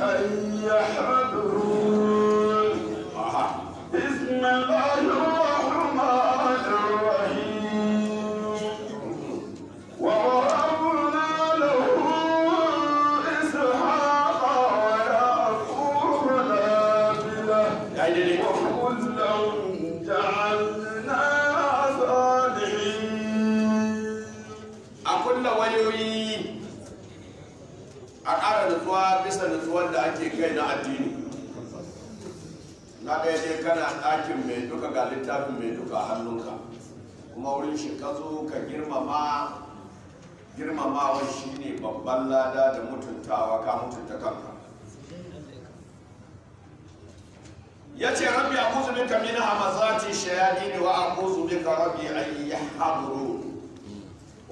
أن يحبوا kana ɗakin mai duka ga littafin mai duka hannunka kuma wurin shi ka zo ka girmama girmamawa shi ne babban lada da mutuntawa ka mutunta kanka ya ce rabbi a kuzu a min shayadi ne wa a kuzu bika rabbi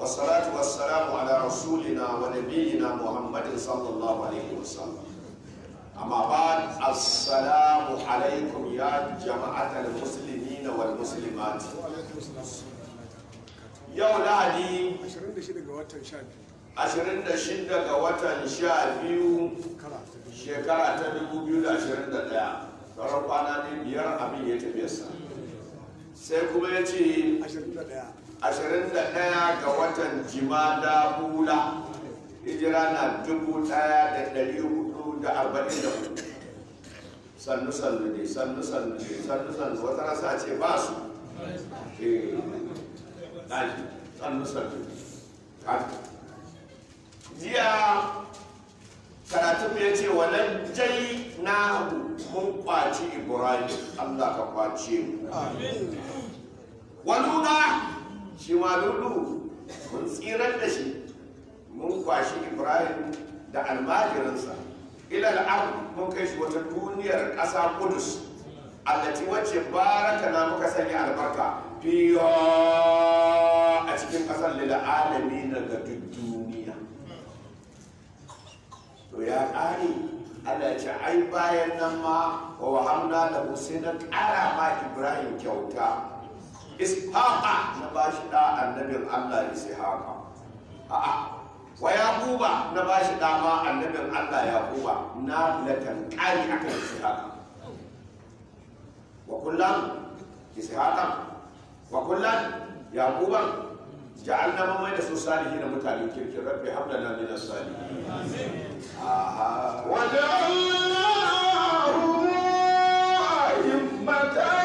salatu yahduru salamu ala rasulina wa ونبينا محمد muhammadin sallallahu alaihi wasallam amma ba assalamu alaikum ya jama'atar musulmi na wal musulmati yau lahadi 26 ga watan 12 shekara ta 2021 tsaron kwana ne biyar abin ya tafiya sa sai kuma ya ce 21 ga watan jimada bula hijira na dubu ɗaya da dari hudu da arba'in da hudu sannu sannu ne sannu sannu ne sannu sannu wata rasa ce ba su daji eh, sannu sannu jiya karatun ya ce walan jai na mun kwaci ibrahim allah ka kwace mu waluna shi ma lulu mun tsirar da shi mun kwashi ibrahim da almajirinsa ilal ard mun kai shi wata duniyar ƙasa kudus allati wacce baraka na muka sanya albarka fiya a cikin ƙasar lila alami na ga duniya to ya ƙari Allah ce ai bayan nan ma wa wahamna da sai na ƙara ma ibrahim kyauta ishaqa na bashi da annabin Allah ishaqa a'a wa yaquba na ba shi dama annabin Allah yaquba na latan kari akan ishaqa wa kullan ishaqa wa kullan yaquba ja'alna ma mai da su salihin da mutane kirkin rabbi hablana min as-salihin amin aha wa ja'alna a'immatan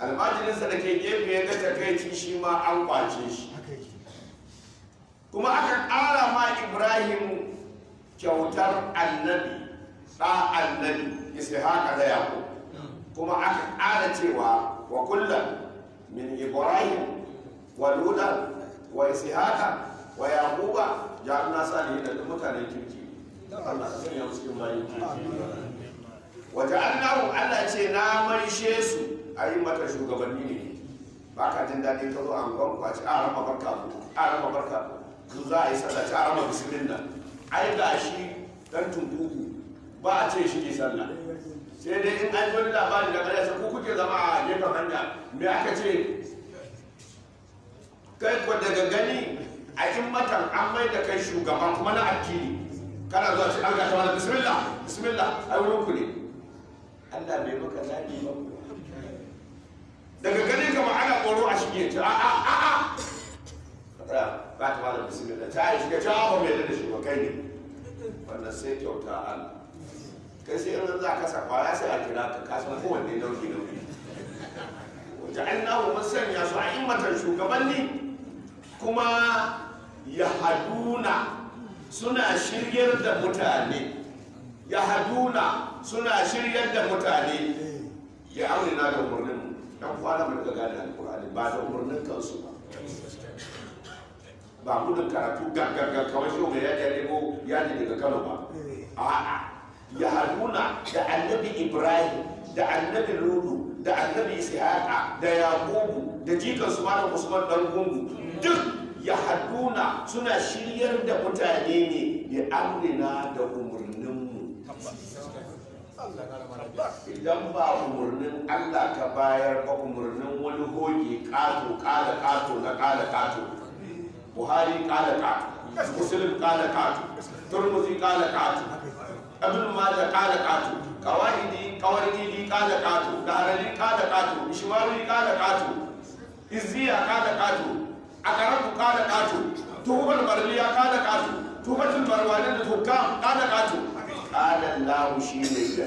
almajirinsa da ke gefe ya ga takaici shi ma an kwace shi kuma aka ƙara ma ibrahim kyautar annabi ɗa annabi haka da yako. kuma aka ƙara cewa wa kullum min ibrahim wa ludan wa haka wa yaquba ja'alna salihin da mutanen kirki Allah ya sanya kirki wa ja'alnahu Allah ce na maishe su Ayi mata shugabanni ne ba ka jin daɗi ka zo an gwan ku a ci a rama barka ku a rama barka ku za a yi sallah ci a rama bisirin nan ai ga shi dan tunkuku ba a ce shi ne sallah sai dai in an wani labari da sai ku kuke zama a gefen hanya me aka ce kai ko daga gani a in matan an mai da kai shugaban kuma na addini kana zuwa ci an gata wani bismillah bismillah ai wurin ku ne Allah bai maka zaɓi ba daga ganin kama ana koro a shige ta a a a a ba ta malam da ta yi shiga ta ba mai da shi ba kai ne wannan sai kyauta Allah kai sai irin za ka sakwa ya sai a kira ka ka san kowanne nauyi nauyi wajen annahu mun sanya su a immatan shugabanni kuma ya haduna suna shiryar da mutane ya haduna suna shiryar da mutane ya amina da murnin dan fara mu rika gane alkur'ani ba da umarnin kansu ba ba gudun karatu ga kawai shi ya ya nemo yaji daga kano ba a'a ya da annabi ibrahim da annabi ludu da annabi ishaqa da yaqubu da jikan su malam usman dan gungu duk ya haduna suna shiryar da mutane ne ya amrina da umarninmu idan ba umarnin allah ka bayar ba umarnin wani hoge kato kala kato na kala kato buhari kala kato musulun kala kato turmuzi kala kato abin maja kala kato kawahidi kawargidi kala kato darali kala kato ishmawi kala kato izziya kala kato akarabu kala kato tuhumar barliya kala kato tuhumatul barwanin da tukam kala kato qala Allah shi ne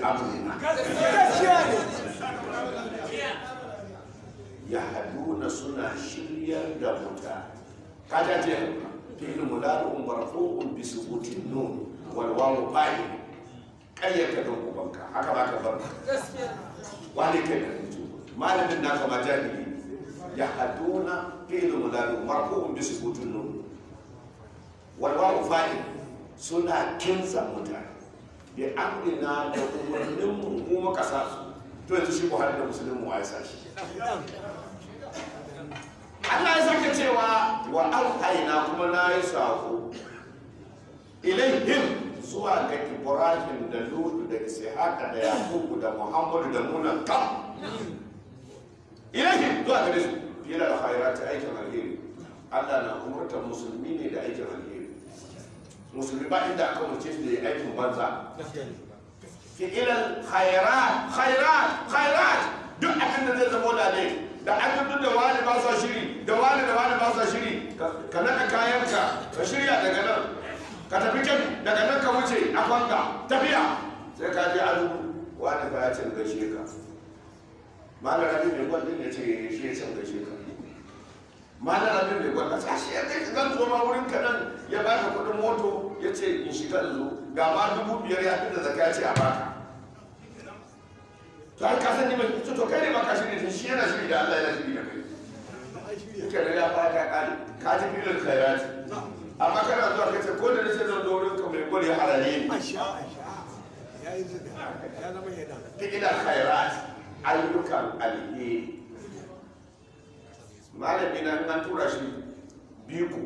bi amrina suna shiryar da mutane kaja ce fi'il mudarun marfu'un bi sukutin nun wal wawu fa'il kayyata don malamin naka ma jami'i ya haduna fi'il bi amrina da umarnin mu mu muka sa su to yanzu shi buhari da musulmin mu ya sa shi Allah ya saka cewa wa alhaina kuma na yi sako ilaihim zuwa ga ibrahim da lutu da ishaqa da yaqubu da muhammadu da munan kam ilaihim zuwa ga su fiye da alkhairati aikin alheri Allah na umurtar musulmi ne da aikin alheri musulmi ba inda aka mace su da ya aikin banza fi'ilan khairat khairat khairat duk abin da zai zama da ne da an duk da wani ba sa shiri da wani da wani ba sa shiri ka naka kayanka ka shirya daga nan ka tafi kyan daga nan ka wuce a kwanka tafiya sai ka je wani ba ya canza gaishe ka malar abin mai gwal ya ce shi ya ka malam abin mai gwada ta shi ya kai ka gan ma wurin kaɗan ya ba ka kuɗin moto ya ce in shiga da zo ga ma dubu biyar ya fi da zaka ce a baka to an kasan ni mai kuce to kai ne ba ka ne ta shi yana shirya da Allah yana shirya da kai kuka da ya fara ka ƙari ka ji filin khairati amma kana zuwa ka ce ko da nace zan zo wurin ka mai gwada ya harare ni ya yi zuga ya zama yana ta ila khairati ayyukan alheri malami na an tura shi biku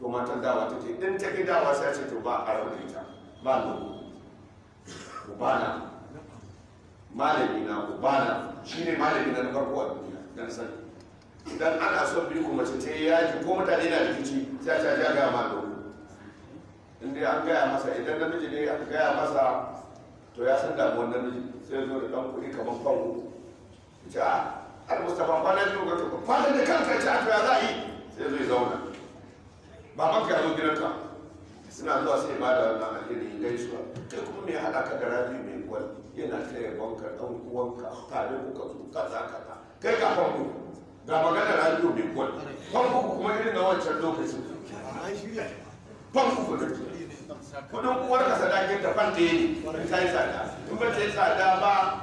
to matan dawa ta ce ɗin ta dawa sai ce to ba a ƙarar da ita ba lobo ubana malami na ubana shi ne malami na farko a duniya don sani idan ana son biku mace ta yi yaji ko mutane na rikici sai ta ja gaya ma lobo in dai an gaya masa idan namiji ne an gaya masa to ya san damuwar namiji sai zo da ɗan kuɗi kamar fan uku a ai mustapha kwanan biyu ga tuku da kanka a tuya za a yi sai zai zauna baban ka zo gidanka suna zuwa sai ba da wannan alheri gaisuwa kai kuma mai haɗa ka da rabi mai gwal yana ta yabonka ɗan uwanka tare ka zo kaza kaza kai ka fanku ga magana rabi mai gwal fanku kuma irin na wancan lokacin fanku ku kudin uwar ka sadakin ta fanta ne ta yi sada in ba ta yi tsada ba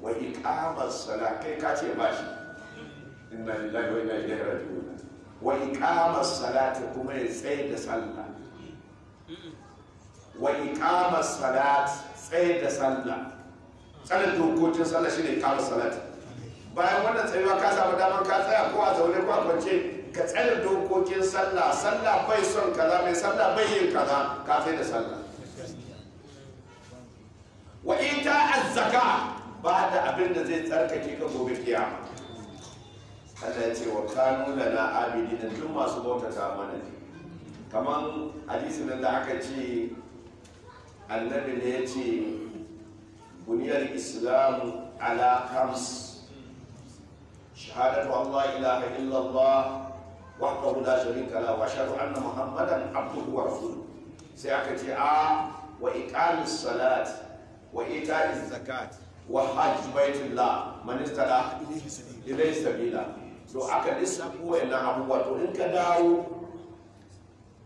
wa iqamas sala kai ka ce ba shi inna lillahi wa inna ilaihi raji'un wa iqamas salati kuma ya tsaye da sallah wa iqamas salat tsaye da sallah tsarin dokokin sallah shine iqamas salat bayan wannan tsayuwa ka samu daman ka tsaya ko a zaune ko a kwance ka tsare dokokin sallah sallah bai son kaza mai sallah bai yin kaza ka sai da sallah wa ita azzaka ba da abin da zai tsarkake ka gobe kiyama Allah ya ce wa kanu lana abidina tun masu bautata mana ne kamar hadisi nan da aka ce annabi ne ya ce buniyar islam ala khams shahadatu Allah ilaha illallah wahdahu la sharika la wa ashhadu anna muhammadan abduhu wa rasuluhu sai aka ce a ah, wa iqamis salat wa zakat wa hajji baitullah man istara ilai sabila to aka lissafo wayannan abubuwa to in ka dawo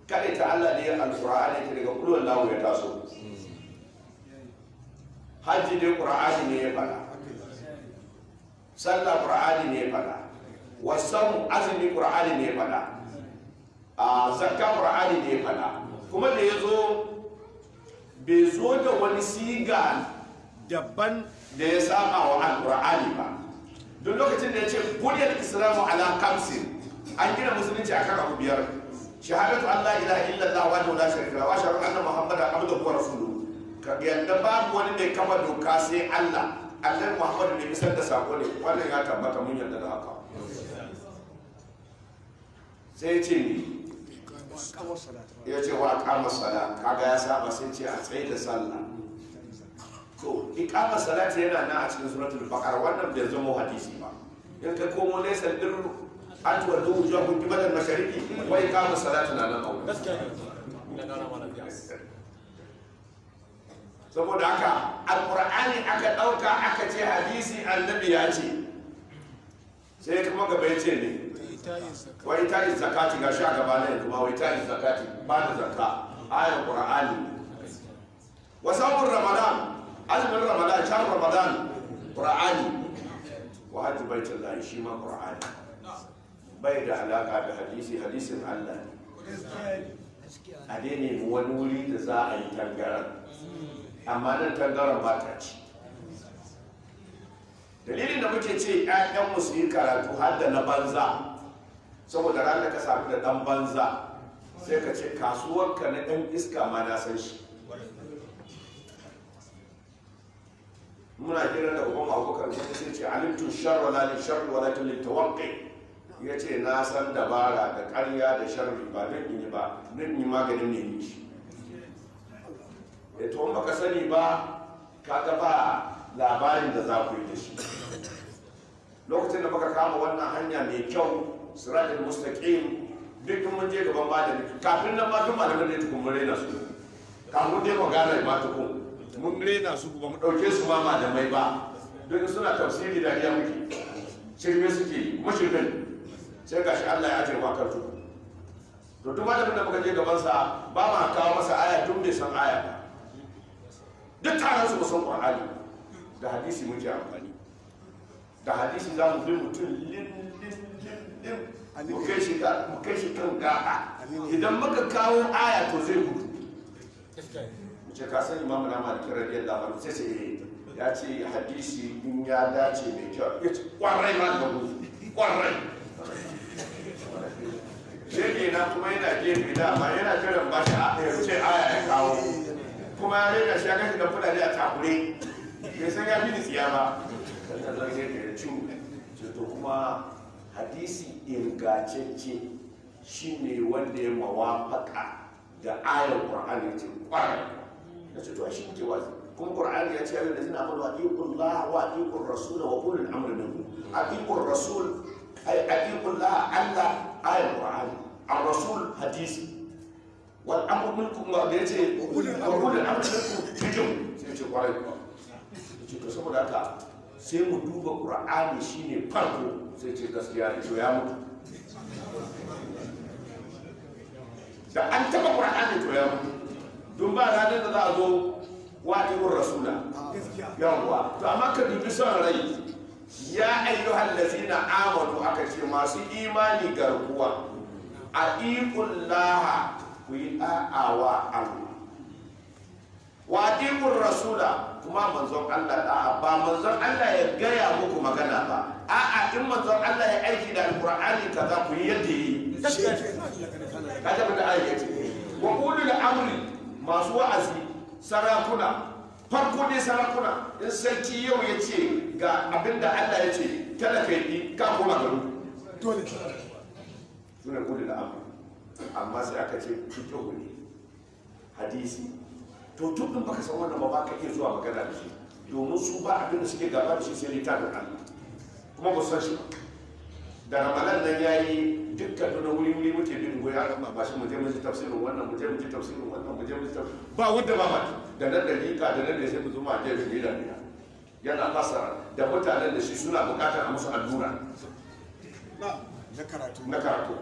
kada Allah ne alqur'ani ta daga kullun lawo ya taso hajji dai qur'ani ne ya fada sallah qur'ani ne ya fada wasan azumi qur'ani ne ya ne ya kuma da ya zo bai zo da wani siga daban da ya saba wa alƙur'ani ba duk lokacin da ya ce buniyar islamu ala kamsin an gina musulunci kan abu biyar shahadatu allah ila illa illallah wa la sharika lahu wa shahadu anna muhammadan abduhu wa rasuluhu ka yadda babu wani mai kama doka sai Allah allah muhammad ne misal da sako ne wannan ya tabbata mun yarda da haka sai ce ni ya ce wa kama sala kaga ya saba sai ce a tsaye da sallah to iqama salati yana nan a cikin suratul baqara wannan bai zama hadisi ba in ka komo ne salbir an tuwaddu wujuhakum qibala al-mashariqi wa iqama salati na nan aure saboda haka alqur'ani aka dauka aka ce hadisi annabi ya ce sai kuma gaba ya ce ne wa ita yi zakati ga sha gaba na yanzu ba wa ita yi zakati ba da zakka ayar qur'ani wa saumun ramadan azumin ramadan shan ramadan qur'ani wa hajji baitin lahi shi ma qur'ani bai da alaƙa da hadisi hadisin allah a dai wani wuri da za a yi tangaran amma nan tangaran ba ta ci dalilin da muke ce 'ya'yan su yi karatu har da na banza saboda ranar ka samu da dan banza sai ka ce kasuwarka na ɗan iska ma na san shi muna kira da ubun abokan sai sai ce alimtu sharra la li sharri wa lakin li ya yace na san dabara da ƙarya da sharri ba nan ni ba nan ni maganin ne ni shi eh to baka sani ba kaga ba labarin da za ku yi da shi lokacin da muka kama wannan hanya mai kyau siratul mustaqim duk mun je gaban malami kafin nan ma duk malamin ne tukun mure na su kafin dai magana ba tukun mun rena su ba mu dauke su ba malamai ba don suna tafsiri da ya muke shirme suke mushrikin sai shi Allah ya ce ba tuku to duk wanda da muka je gabansa ba ma kawo masa aya tun bai san aya ba duk taron su ba san qur'ani da hadisi muke amfani da hadisi za mu bi mutum lin lin lin mu kai shi shi kan ga'a idan muka kawo aya to zai gudu ce ka san imamu na maliki radiyallahu anhu sai sai ya ce hadisi in ya dace mai kyau ya ce kwarai ma ka gudu kwarai shege na kuma yana gefe ba yana jiran ba shi a ce aya ya kawo kuma ya rena shi ya gashi da fulani a takure bai san ya fi tsiya ba sannan zai da cin to kuma hadisi ingantacce shine wanda ya mawafaka da ayar Qur'ani ce kwarai na ce to shi ke wazi kuma qur'ani ya ce ayyuhal ladina amanu atiqullaha wa atiqur rasul wa ulul amri minkum atiqur rasul ay atiqullaha Allah. ayatul qur'ani a rasul hadisi wal amru minkum wa da yace wa ulul amri minkum fikum sai ce kwarai ko ce to saboda haka sai mu duba qur'ani shine farko sai ce gaskiya ne to ya mutu da an taba qur'ani to ya mutu don ba ranar da za a zo wa ibn rasula yawwa to amma ka dubi son rai ya ayyuhal ladzina Amadu aka ce masu imani garkuwa a laha ku yi da'awa Allah wa atiqur rasula kuma manzon Allah da'a ba manzon Allah ya gaya muku magana ba a'a in manzon Allah ya aiki da alqur'ani kaza ku yi yadda yi kaje da ayati wa da amri masu wa'azi sarakuna farko ne sarakuna in sarki yau ya ce ga abin da Allah ya ce ka yi ka koma garu dole suna kudi da abu amma sai aka ce fito ne hadisi to tun din baka san wannan ba ba ka iya zuwa magana da shi domin su ba abin da suke gaba da shi sai littafin Allah kuma ba san shi ba da ramadan nan yi dukkan na wuri wuri muke goya rama ba shi je muje ji tafsirin wannan je muje ji tafsirin wannan je muje ji tafsirin ba wanda ba mata da nan da rika da nan da sai mu zo ma je mu da rika yana fasa da mutanen da shi suna bukatar a musu allura na karatu na karatu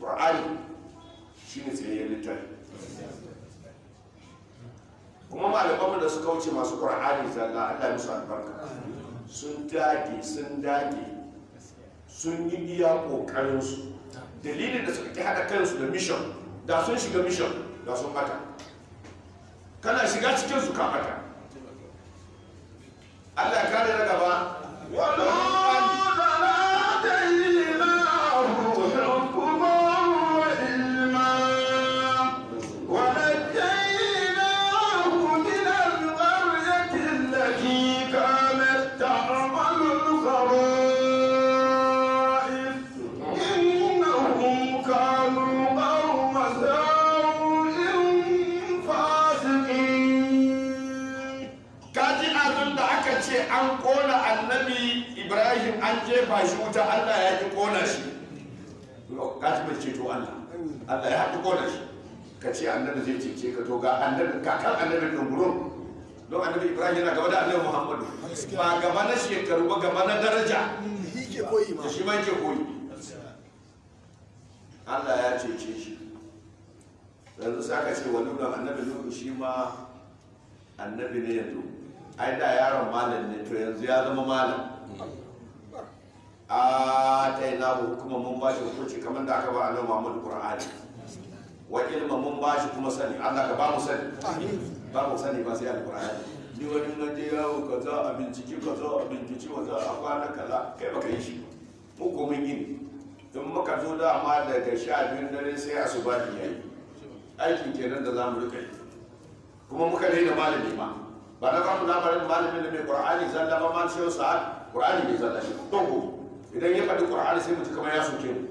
qur'ani shi ne tsaye tsayayyen littafi kuma malaman da suka wuce masu qur'ani zalla Allah musu albarka sun dage sun dage sun yi iya ƙoƙarinsu dalilin da suka ki haɗa kansu da mission da sun shiga mission da sun bata kana shiga cikin su kan bata Allah ya kare na gaba wallahi jefa shi wuta Allah ya ki kona shi ka ci bai ceto Allah Allah ya ki kona shi ka ce annabi zai cece ka to ga annabi kakan annabi din gurin don annabi Ibrahim yana gaba da annabi Muhammadu ba gaba na shekaru ba gaba na daraja shi ma shi ma yake koyi Allah ya cece shi yanzu saka ce wani da annabi Nuhu shi ma annabi ne yanzu ai da yaron malam ne to yanzu ya zama malam atayna hu hukuma mun bashi hukunci kamar da aka ba nan Muhammad Qur'ani wa ilma mun bashi kuma sani Allah ka ba mu sani ba mu sani ba sai alqur'ani ni wani na je yawo kaza a binciki kaza a binciki kaza a kwana kaza kai baka yi shi mu ko mun yi don muka zo da ma daga sha biyun dare sai asuba yayi aikin kenan da zamu rika yi kuma muka daina malami ma ba na ba mu labarin malamin da mai qur'ani zalla ba ma sai sa'ad qur'ani bai zalla shi to idan ya faɗi ƙur'ani sai mutu kamar ya soke mu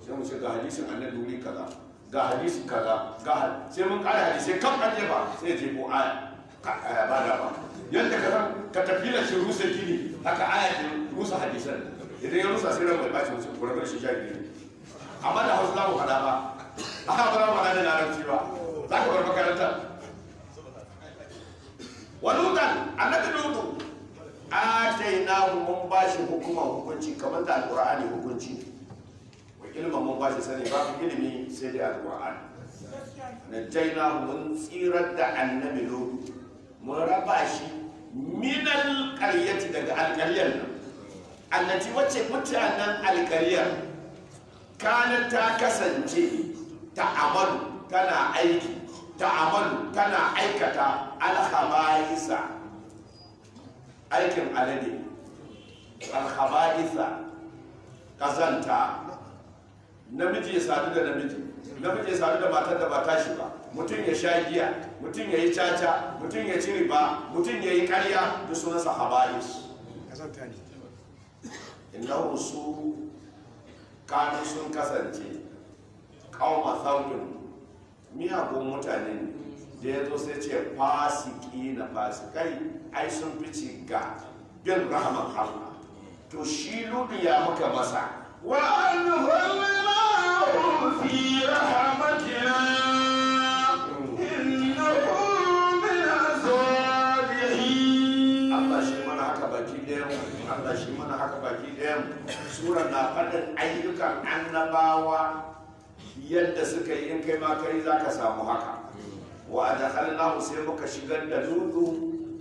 sai mu ce ga hadisin annabi wuri kaza ga hadisin kaza ga sai mun ƙara hadisai kan an ba sai ce ko aya aya ba da ba yadda ka san ka tafi da shi rusa gini haka aya ke rusa hadisan idan ya rusa sai ran mai bace mutum kurar shi ja gini amma da hausa za mu faɗa ba aka fara faɗa da larabci ba za ka bar makarantar wani hutan annabi lutu atainahu mun bashi hukuma hukunci kamar da alqur'ani hukunci wa ilma mun bashi sani ku ilimi sai dai alqur'ani najainahu mun tsirar da annabi lutu mun raba shi minal qaryati daga alqaryar nan annati wacce annan alqaryar kana ta kasance amalu tana aiki amalu tana aikata alhabaisa aikin alade isa kazanta namiji ya sadu da namiji namiji ya sadu da matar da ba tashi ba mutum ya sha giya mutum ya yi caca mutum ya ci riba mutum ya yi karya da sunansa haba'is innahu su kanu sun kasance kauma saudin miyagun mutane da ya zo sai ce fasiki na fasikai ai sun fice ga bin rahman Allah to shi lulu ya muka masa wa anhallahu fi rahmatina innahu min azwajihi Allah shi mana haka baki ɗaya Allah shi mana haka baki ɗaya sura na faɗin ayyukan annabawa yadda suka yi in kai ma kai za ka samu haka wa adkhalnahu sai muka shigar da lulu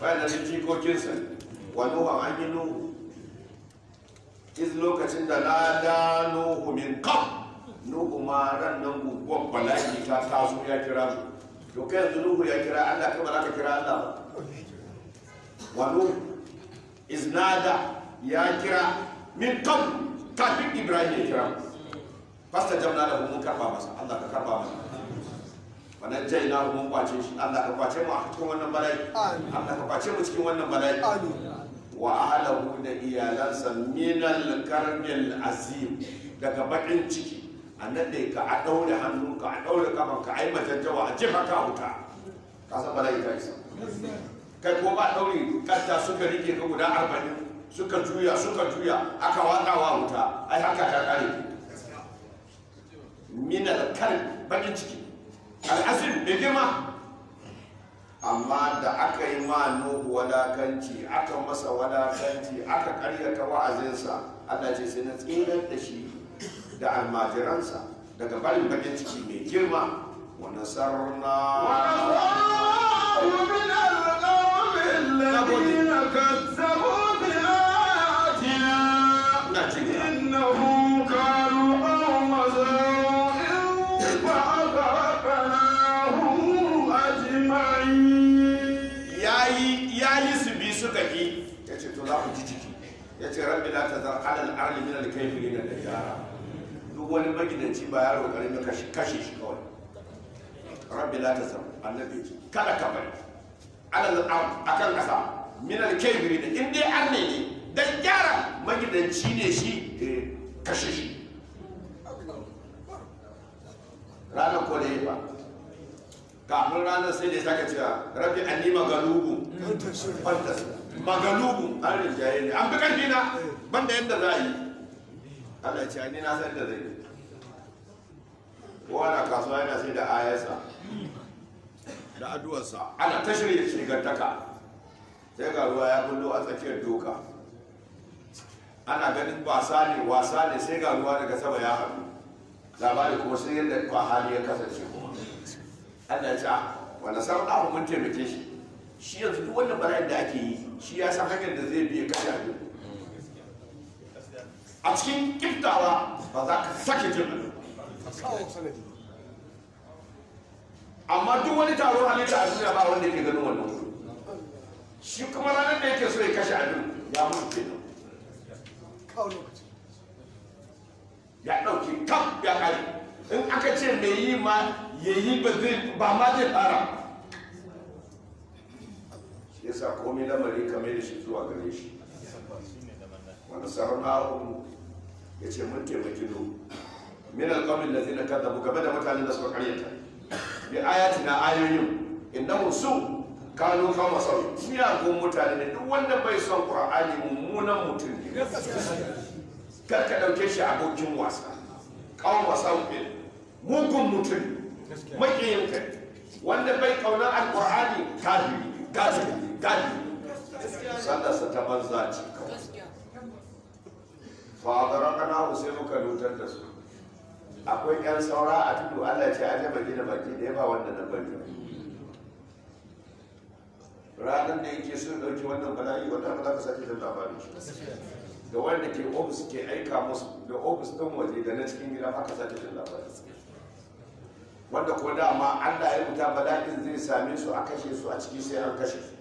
bayanin jikokinsa wani wa an yi nuhu iz lokacin da na da nuhu min kam nuhu ma ran nan guguwan bala'i ta taso ya kira su to kai yanzu nuhu ya kira allah kai ba za ka kira allah wa nuhu iz nada ya kira min kam kafin ibrahim ya kira fasta jamna da mu karfa masa allah ka karba masa wannan jai na mun kwace shi Allah ka kwace mu a cikin wannan bala'i Allah ka kwace mu cikin wannan bala'i wa ahlahu da iyalansa min al-karbil azim daga bakin ciki annabi ka a hannu, ka a daure kafan ka ai majajjawa a jefa ka huta ka san bala'i ta isa kai ko ba daure kanta suka rike ka guda 40 suka juya suka juya aka wada wa huta ai haka ta kare min al-karb bakin ciki al'asir da girma amma da aka yi ma nuhu wadakanci aka masa wadakanci aka karyata wa'azinsa allah ce sai na tsirar da shi da almajiransa daga barin bakin ciki mai girma wa nasarna wa nasarna yace ce rabbi la tazar min al-kafirin duk wani magidanci ba kashe shi kawai rabbi la tazar annabi kada ka bari a kan kasa min al-kafirin in dai arne ne dan yara magidanci ne shi eh, kashe shi ranar ko da yi kafin ranar sai da ya sake cewa rabbi annima galubu magalubu an rinjaye ne an bi ƙarfi na eh. banda yadda za a yi ala ci ce ni na san da zai yi kowa na kasuwa yana sai da ayasa da aduwarsa ana ta shirya taka sai ga ruwa ya kullo a tsakiyar doka ana ganin wasa ne wasa ne sai ga ruwa daga sama ya haɗu labari kuma sai yadda kwa hali ya kasance kuma ana ya ce ah, wani sarɗa mun taimake shi shi yanzu duk wannan bala'in da ake yi shi ya san hanyar da zai biya kashe abin a cikin kiftawa ba za ka sake jin abin amma duk wani taron halitta a duniya ba wanda ke ganin wannan shi kuma ranar da yake so ya kashe abin ya mutu kenan ya ɗauki kam ya kare in aka ce mai yi ma ya yi ba ma zai fara yasa komai lamari kamar da shi zuwa gare shi wani sarrafin ya ce mun taimaki do min alƙawar da zina kada mu game da mutanen da suka karyata bi ayati na ayoyin innahu su kanu kama sau miyagun mutane da duk wanda bai son qur'ani mummunan mutum ne kar ka ɗauke shi abokin wasa kawon kawo sau mugun mutum makiyin kai wanda bai kaunar alƙur'ani kafin kafin kai sa ta banza ce fa'adaran kana sai muka lutar da su akwai yan saura a tudu allah ce an jama gina baki ɗaya ba wanda na bari ranar da yake sun ɗauki wannan bala'i wannan ba za ka sake jin labarin shi da wanda ke ofis ke aika musu da ofis ɗin waje da na cikin gida haka sake jin labarin wanda ko dama allah ya wuta bala'in zai same su a kashe su a ciki sai an kashe su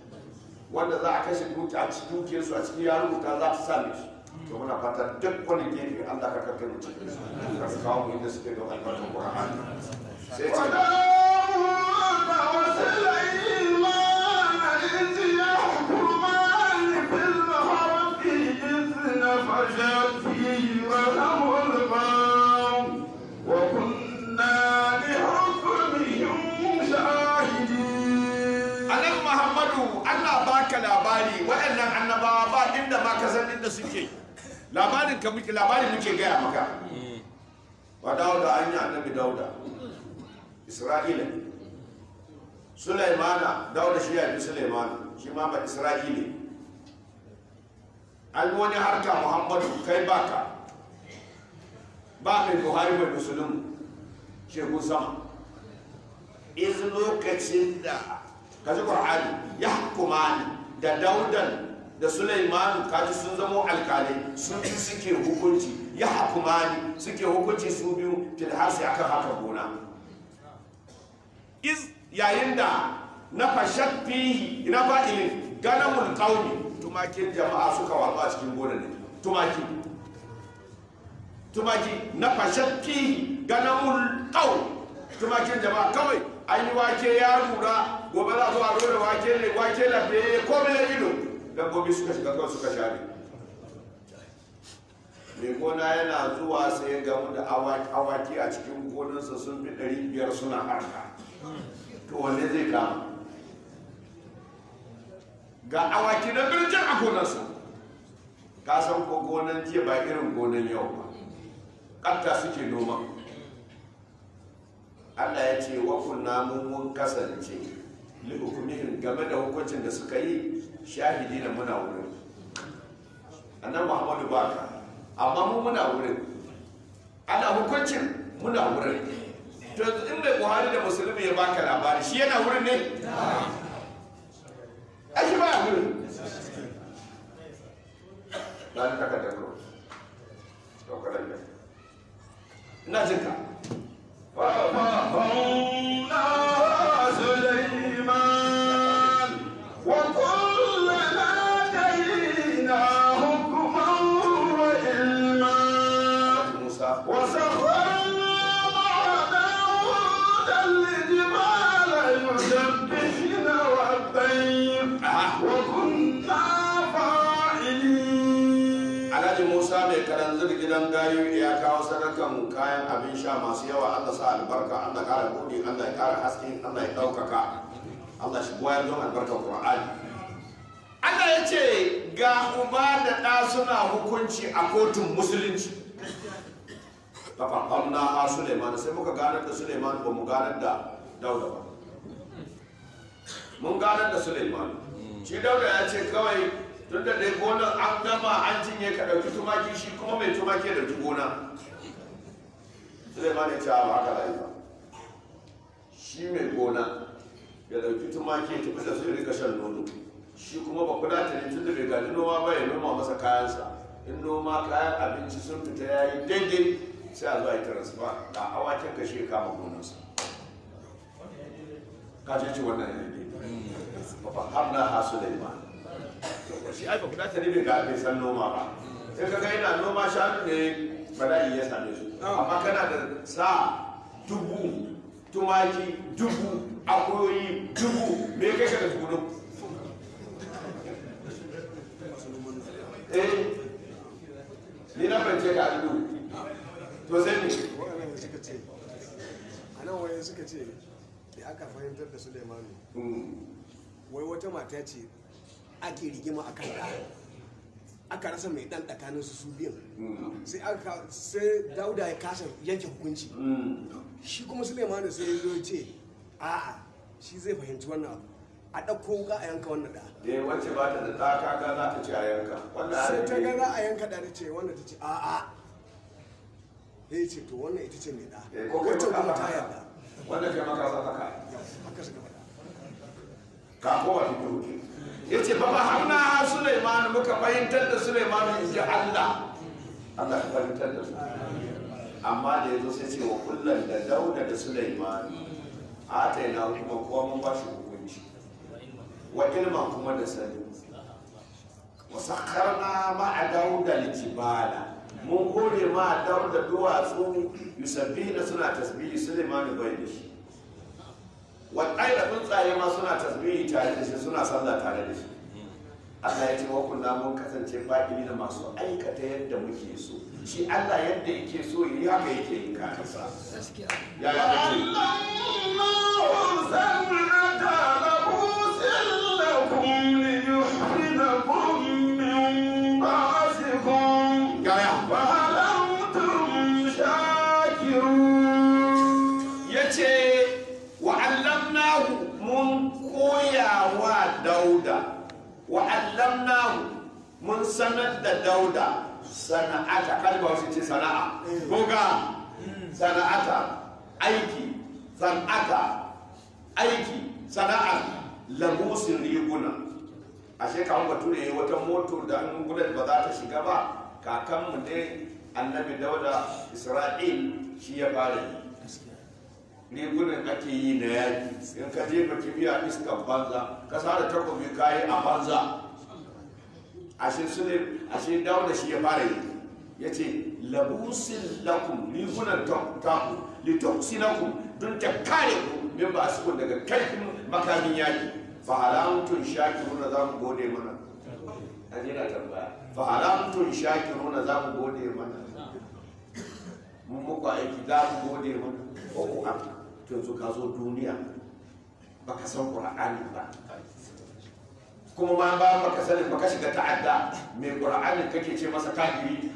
wanda za a kashe dukiya ci dukiyar su a cikin ya rubuta za ta same su to muna fata duk wani gefe Allah ka karfe mu cikin su ka kawo mu inda suke don albarkar Qur'ani sai ce baka labari waɗannan annabawa ba inda ma ka san inda suke labarin ka muke labarin muke gaya maka ba dauda an yi annabi dauda isra'ila sulaimana dauda shi ya bi sulaimana shi ma ba isra'ila an wani harka muhammadu kai baka ba mai buhari mai musulun shekun sama iz lokacin da ka ji ƙwar'ani ya hukumani da daudan da suleiman kaji sun zamo alkalai sun ci suke hukunci ya mani suke hukunci su biyu fil harsi aka haka gona iz yayin da na fashat fihi ina fa'ilin ganamul qaumi tumakin jama'a suka a cikin gona ne tumaki tumaki na fashat fihi ganamul qaum tumakin jama'a kawai an yi wake ya lura gobe za a zo a rora wake ne wake lafiyayye komai na ido bi suka shiga kan suka me ko na yana zuwa sai mu da awaki a cikin sa sun bi ɗari biyar suna harka to wanne zai ka ga awaki na birjin a sa ka san ko gonan jiya ba irin gonan yau ba katta suke noma Allah ya ce wa kunna mun kasance hukumihin game da hukuncin da suka yi shahidi na muna wurin annan muhammadu baka amma mu muna wurin ana hukuncin muna wurin to in mai buhari da musulmi ya baka labari shi yana wurin ne wurin ba ni da ina jinka kayan abin sha masu yawa Allah sa albarka Allah kara buɗe Allah ya kara haske Allah ya ɗaukaka Allah shi buwayar don albarka Qur'ani Allah ya ce ga uba da ɗa suna hukunci a kotun musulunci ta na ha Suleiman sai muka ganar da Suleiman ba mu ganar da Dauda ba mun ganar da Suleiman shi Dauda ya ce kawai tun da dai gonar an gama an cinye ka ɗauki tumaki shi kuma mai tumaki da gona zai ya ce ah, a haka rayuwa shi mai gona ya ɗauki tumaki ya tafi da su rika shan nono shi kuma ba kula ta ne da bai gaji noma ba ya noma masa kayansa in noma kayan abinci sun fita ya yi daidai sai a zuwa yi transfer da awakin ka shi kama gonarsa ka ce ci wannan ne ba har na hasu da iman shi ai ba kula ta ne bai gaji san noma ba sai ka ga yana noma shanu ne bala'i ya same su ah. amma kana da sa dubu tumaki dubu akwai dubu me kai ka da tukunan eh ni na fahimce ka dubu to sai ne a nan wayan suka ce da aka fahimtar da su da mm. wai wata mata ce ake rigima a kan aka rasa mai dan tsakanin su su biyan sai aka sai dauda ya kasa yanke hukunci shi kuma da sai ya zo ce a'a shi zai fahimci wannan abu a ɗauko ga a yanka wannan da. ne eh, wacce ba ta da ta kaga za ta ce a yanka. Sai ta ga za a yanka da ta ce wannan ta ce a'a. Ya ce to wannan ita ce mai ɗa. Eh, wacce kuma ta yarda. Wannan ce maka sa ta kai. Haka gaba da Ka kowa fito. ya ce ba hamna Suleiman muka fahimtar da Suleiman in ji Allah Allah ya fahimtar da su amma da ya zo sai ce wa kullum da dauda da Suleiman a ta yana kuma kowa mun ba shi hukunci wa ilman kuma da sani wa ma ma'a dauda lijibala mun kore ma dauda duwatsu yusabbihina suna tasbihi Suleiman bai da shi waɗanda tsuntsaye ma suna tasbihi tare da shi suna sallah tare da shi Allah ya ce wa kunna mun kasance fa'ili da masu aikata yadda muke so shi Allah yadda yake so yi haka yake yin ya yi kace Allahu dauda wa allamnahu mun sanar da dauda sana'ata kalba wasu ce sana'a goga sana'ata aiki sana'ata aiki sana'a labusin riguna ashe kawo bature ne wata motar da hannun gudan ba za ta shiga ba kakanmu ne annabi dauda isra'il shi ya fara yi rigunan ake yi da yaki in ka je jefa a iskan banza ka da takobi kayi a banza A sule ashe a shi ya fara yi ya ce labusin lakum rigunan taku litoksi lakum don ta kare ku min ba su daga kaifin makamin yaki fa halamtun runa za mu gode mana a ajira tambaya fa halamtun runa za mu gode mana mun muku aiki za mu gode mana ko ku haka to yanzu ka zo duniya ka san ƙura'ani ba kuma ma ba baka sani ka shiga ta'adda mai qur'ani kake ce masa kafiri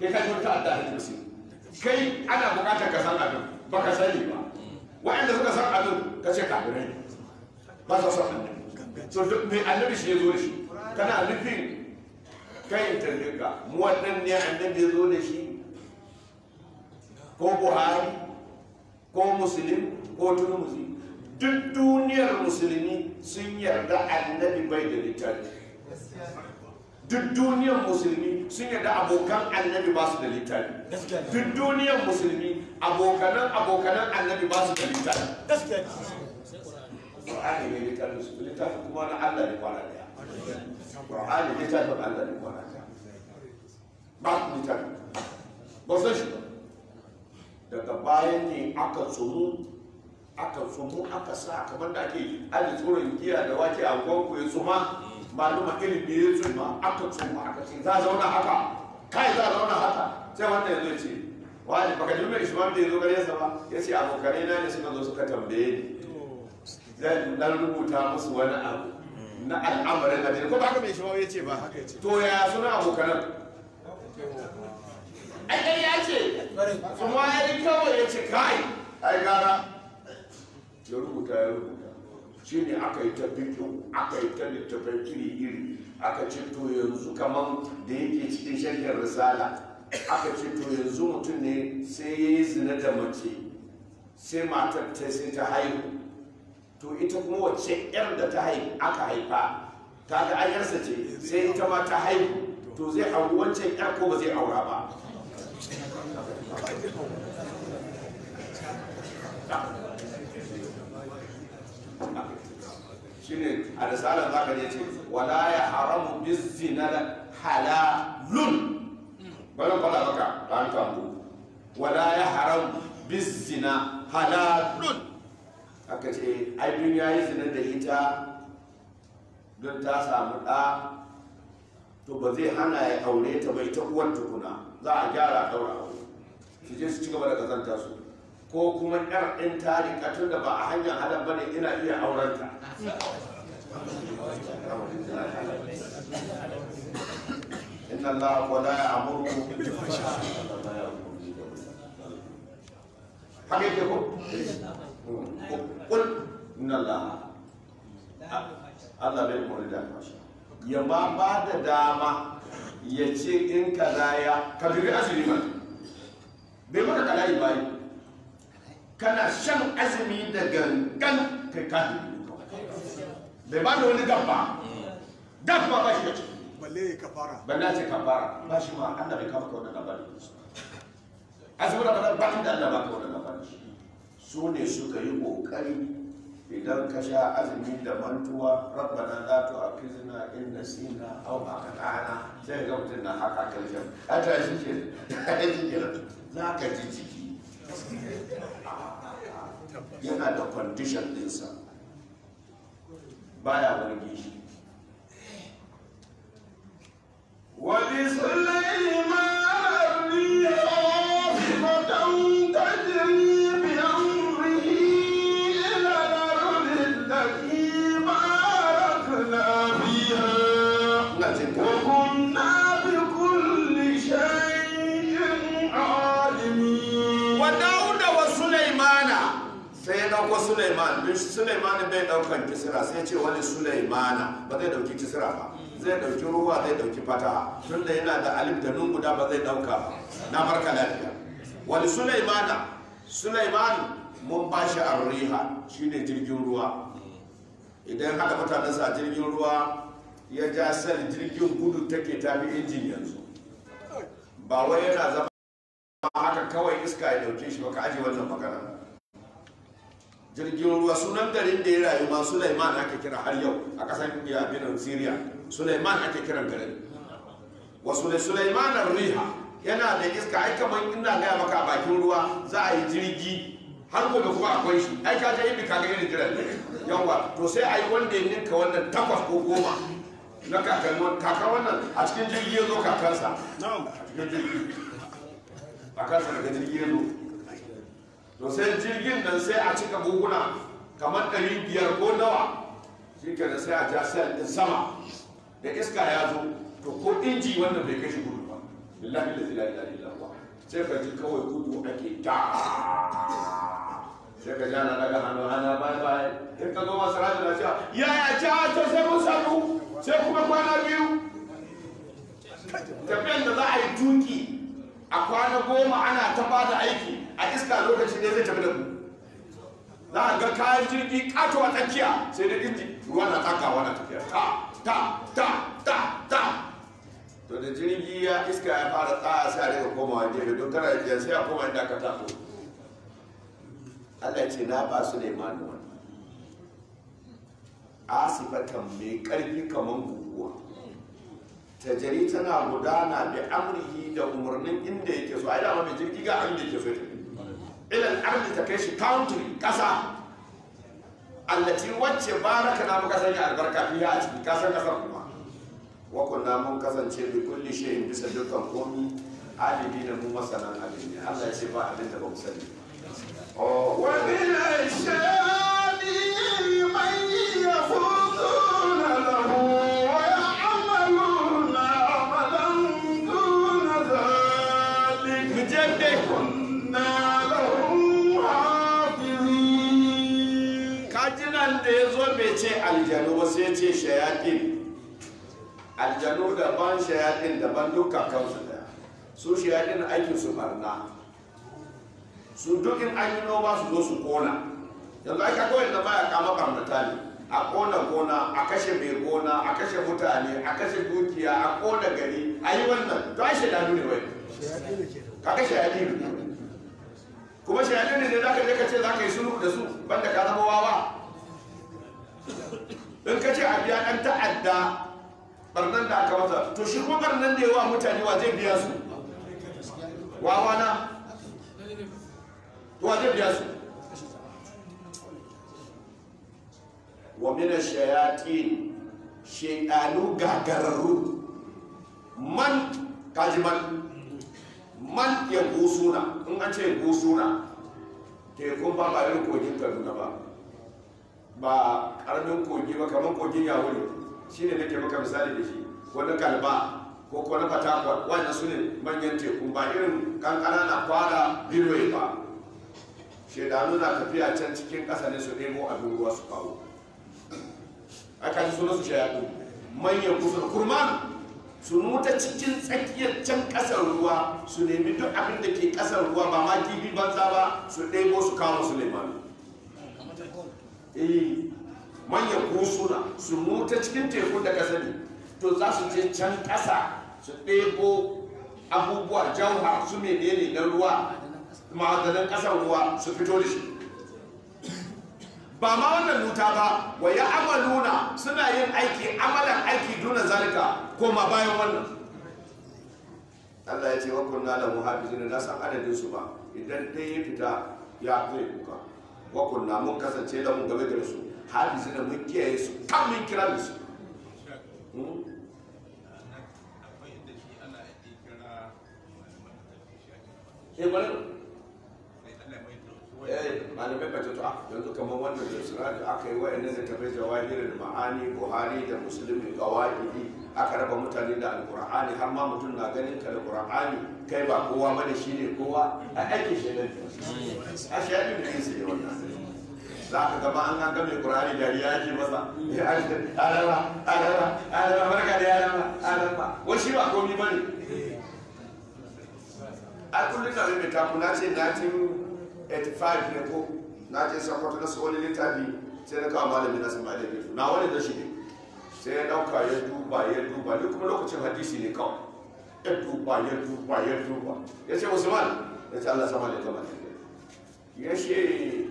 kai ka shiga ta'adda da musu kai ana buƙatar ka san abin ka sani ba wa'anda suka san abin ka ce kafirai ba sa son abin so duk mai annabi shi ya zo da shi kana nufin kai tarbiyyarka mu wannan ne annabi ya zo da shi ko buhari ko musulun ko turmuzi duk duniyar musulmi sun yarda annabi bai da littafi duk duniyar musulmi sun yarda abokan annabi ba su da littafi duk duniyar musulmi abokanan abokanan annabi ba su da littafi ƙwa'ani ne littafi su littafi kuma na allah ne kwana daya ƙwa'ani littafin allah ne kwana daya ba su littafi ba su shi ba daga bayan ne aka tsumu aka tsumu aka sa kamar da ake aji tsoron giya da wake a gwanku ya tsuma maluma ilimi ya tsuma aka tsuma aka ce za zauna haka kai za zauna haka sai wanda ya zo ce wani baka ji mai shugaban da ya zo gare sa ba ya ce abokanai na ne suka zo suka tambaye ni zan dan rubuta musu wani abu na al'amarin da ne ko ba ka mai shugaban ya ce ba haka ya ce to ya suna abokanan ai ƙarya ce kuma ya yi kawai ya ce kai ai gara ya rubuta ya rubuta shi ne aka yi ta bidiyo aka yi ta littafin iri iri aka ce to yanzu kamar da yake cikin shaidar risala aka ce to yanzu mutum ne sai ya yi zina da mace sai matar ta sai ta haihu to ita kuma wacce yar da ta haihu aka haifa ta ga ayarsa ce sai ita ma ta haihu to zai auri wancan yar ko ba zai aura ba shine a risalar zaka ne ce wala ya haramu bizina halalun bari fada maka ran kambu wala ya haramu bizina halalun aka ce ai duniya yi zina da ita don ta samu ɗa to ba zai hana ya aure ta bai ta uwar tukuna za a gyara daura su je su ci gaba da kazanta su ko kuma yar ɗin tari katun da ba a hanyar halar bane ina iya aurenta inna Allah wa la ya'muru bil fahsha'i hmm. ko kul inna Allah Allah bai mu da fahsha'i ya ma ba da dama ya ce in kaza ya ka bi azumi ba bai mana kalayi ba yi kana shan azumi da gangan kai ka bai ba da wani gaba gaba ba shi da ciki balle ya kafara balle ce kafara ba shi ma da bai kama ka wannan labari azumi da ba da Allah ba ka wannan labari su ne suka yi kokari idan ka sha azumi da mantuwa rabbana za fizina inda in au a kakana sai ga mutum na haka karshen a ta shi ke ke za ka ji jiki yana da condition ɗinsa baya wargi shi wani sai Sulaiman bin Sulaiman bai daukan kisra sai ce wani Sulaimana ba zai dauki kisra ba zai dauki ruwa zai dauki fata tunda yana da alif da nun guda ba zai dauka ba na barka lafiya wani Sulaimana Sulaiman mun ba shi arriha shine jirgin ruwa idan haka mutanen sa jirgin ruwa ya ja sal jirgin gudu take tafi injin yanzu ba wai yana zama haka kawai iska ya dauke shi ba ka aje wannan magana jirgin ruwa sunan garin da ya rayu ma Sulaiman ake kira har yau a ƙasar Yabinan Syria Sulaiman ake kiran garin wasu da Sulaiman riha yana da iska ai kaman ina gaya maka bakin ruwa za a yi jirgi har gobe kuma akwai shi ai ta yi bi kaga irin jiran yawa to sai a yi wanda ya ninka wannan takwas ko goma na kakan wannan a cikin jirgi ya zo kakansa a kansa daga jirgi ya zo to sai jirgin nan sai a cika buguna kamar ɗari biyar ko nawa shi kenan sai a ja sel ɗin sama da iska ya zo to ko inji wannan bai kashi gudu ba lillahi da ilaha da allah sai ka ji kawai gudu ake ta sai ka ja na daga hannu ana bye bye sai ka zo masarati na cewa yaya ja ta sai mun sanu sai kuma kwana biyu tafiyan da za a yi tuki a kwana goma ana ta ba da aiki a iska lokacin da zai tafi da ku za a ga kayan jirgi kato a tsakiya sai da inji ruwa na takawa na tafiya ta ta ta ta ta to da jirgi ya iska ya fara tsaya sai a daga komawa gefe don kana da sai a koma inda ka taso Allah ce na ba su ne manuwa asifatan mai karfi kamar guguwa tajari tana gudana da amrihi da umarnin inda yake so ai dama mai jirgi ga abin da yake so ilal ardi ta kai shi country kasa allati wacce baraka na muka sanya albarka fiya ya cikin kasan kasar kuma wa kunna mun kasance bi kulli shay'in bisa dukkan komi alibi da mu masanan abin ne Allah ya ce ba abin da ba mu sani oh wa bil aljanu sai ya ce shayatin aljanu daban shayatin daban dukkan kansu daya su shayatin aikin su barna su duk in noma su zo su kona yanzu aka kawai da baya kama barnata ne a kona gona a kashe mai gona a kashe mutane a kashe dukiya a kona gari a yi wannan to ai shaidanu ne wai kaka shaidanu ne kuma shaidanu ne za ka je ka ce za ka yi sulhu da su banda ka zama wawa in ka ce a biya ɗan ta'adda ɓarnan da aka wata to shi kuma ɓarnan da yawa mutane wa zai biya su wawana wa zai biya su wa mina shayati shaidanu gagararru man kajiman man ya gusuna in an ce gusuna tekun ba ba yin kogin kaduna ba ba karamin kogi ba kamar kogin yawuri shi ne nake maka misali da shi wani kalba ko ko na fatakwal wannan su ne manyan teku ba irin kankana na fara bilwai ba shedanu na tafiya can cikin ƙasa ne su nemo abin ruwa su kawo aka ji sunan su shayaɗu manyan kusur kurman su nuta cikin tsakiyar can ƙasar ruwa su nemi duk abin da ke ƙasar ruwa ba ma kifi banza ba su ɗebo su kawo su eh manyan kusuna su muta cikin teku da kasani to za su je can kasa su ɗebo abubuwa jauha su menene na ruwa ma'adanan ƙasar ruwa su fito da shi ba ma wannan nuta ba wa ya amaluna suna yin aiki amalan aiki duna zalika ko ma bayan wannan Allah ya ce na kunna la muhafizin na san adadin su ba idan dai ya fita ya kuka wa na mun kasance da mun gabe da su hali da mun kiyaye su kan mun kira da su hmm? akwai inda Eh, malamai ba ta to yanzu kamar wannan da sura da aka yi wayannan da tafai jawahir da ma'ani buhari da musulmi qawaidi aka raba mutane da alqur'ani har ma mutum na ganin ka da qur'ani kai ba kowa bane shine kowa a ake shedan a shedan ne sai wannan za ka gaba an ga mai qur'ani da riya yake masa ya alama alama alama barka da alama alama wai shi ba komai bane a kullum da mai takuna ce na tin 85 ne ko na je sakwato na sa'olin littafi sai na kawo malami na sama da biyu na wani da shi ne sai ya dauka ya duba ya duba duk kuma lokacin hadisi ne kawai ya duba ya duba ya duba ya ce usman ya ce allah sama da ta mace ya ce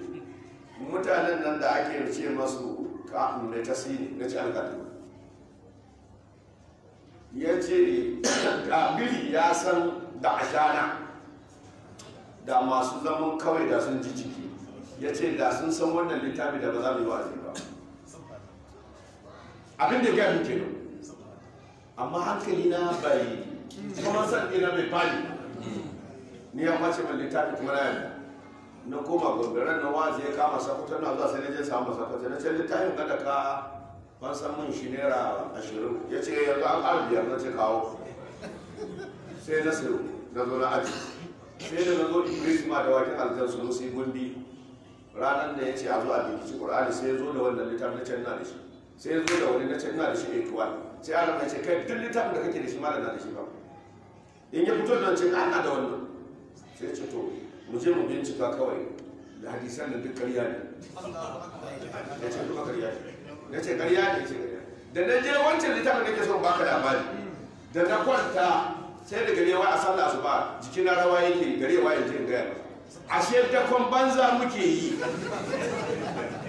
mutanen nan da ake ce masu kafin da tasiri na ce alƙadu ya ce kabiri ya san da ashana da masu zaman kawai da sun ji ciki ya ce da sun san wannan littafi da ba za mu yi wa'azi ba abin da gami ke amma hankali na bai kuma san ina mai fadi ni ya mace mai littafi kuma na yadda na koma gwagwaran na wazi ya kama sakwata na za su na je samu sakwata na ce littafin da ka ban san mun shi naira ashirin ya ce yanzu an ƙara biyar na ce kawo sai na sayo na zo na aji sai da na zo ibris ma da wakin aljan su sai gundi ranar da ya ce a zo a bikici ƙur'ani sai ya zo da wannan littafin na can na da shi sai ya zo da wani na can na da shi a tuwa sai ana ya ce kai duk littafin da kake da shi ma na da shi ba in ya fito da wancan ana da wannan sai ce to mu je mu bincika kawai da hadisan da duk karya ne ya ce duka karya ne ya ce ƙarya ne ce karya da na je wancan littafin da ke son baka labari da na kwanta sai da wa a sallah asuba jikin rawa yake garewa ya je gaya ashe dakon banza muke yi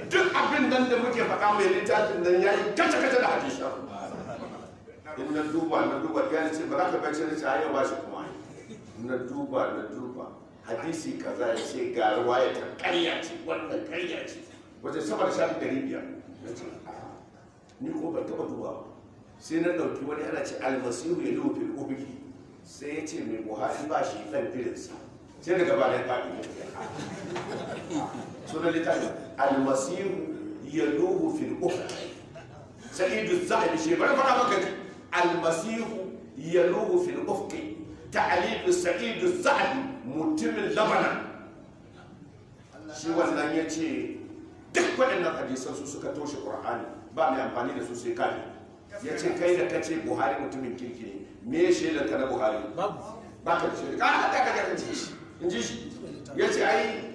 duk abin nan da muke faɗa mai littafin nan yayi kace kace da hadisi in na duba na duba ya ce ba za ka bace na ta ayo shi kuma na duba na duba hadisi kaza ya ce ga ruwaya ta ƙarya ce wannan ƙarya ce wajen sama da shafi ɗari biyar ni ko ban taɓa duba sai na ɗauki wani ana ce almasiru ya lufe biki. sai ya ce mai buhari ba shi ɗan irinsa sai daga ba da faɗi sunan littafin almasiru yaluhu fil ukhra sa'idu zahabi shi bari fara maka ji almasihu yaluhu fil ufqi ta'lilu sa'idu zahabi mutumin labana shi wannan ya ce duk waɗannan hadisan su suka toshe qur'ani ba mai amfani da su sai kafin ya ce kai da kace buhari mutumin kirki ne me shaidan ka na buhari ba ka da shaidan ka haɗa ka da ji shi in ji shi ya ce ai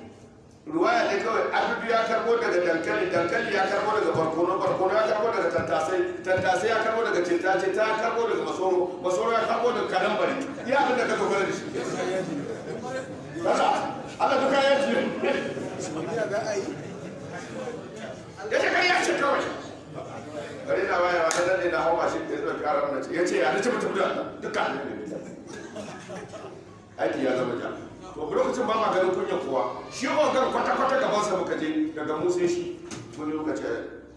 ruwaya ne kawai abubu ya karbo daga dankali dankali ya karbo daga barkono barkono ya karbo daga tantase tantase ya karbo daga cinta cinta ya karbo daga masoro masoro ya karbo daga kalambari ya abin da ka zo da shi kasa Allah duka ya ji ya ce kar ya ce kawai kare na baya wata nan na hau mashin da ya zai kara mana ya ce ya ci mutum da duka aiki ya zama ja to lokacin ba ma ganin kunya kuwa shi ogan kwata-kwata gaban sa muka je daga mu sai shi mun lokaci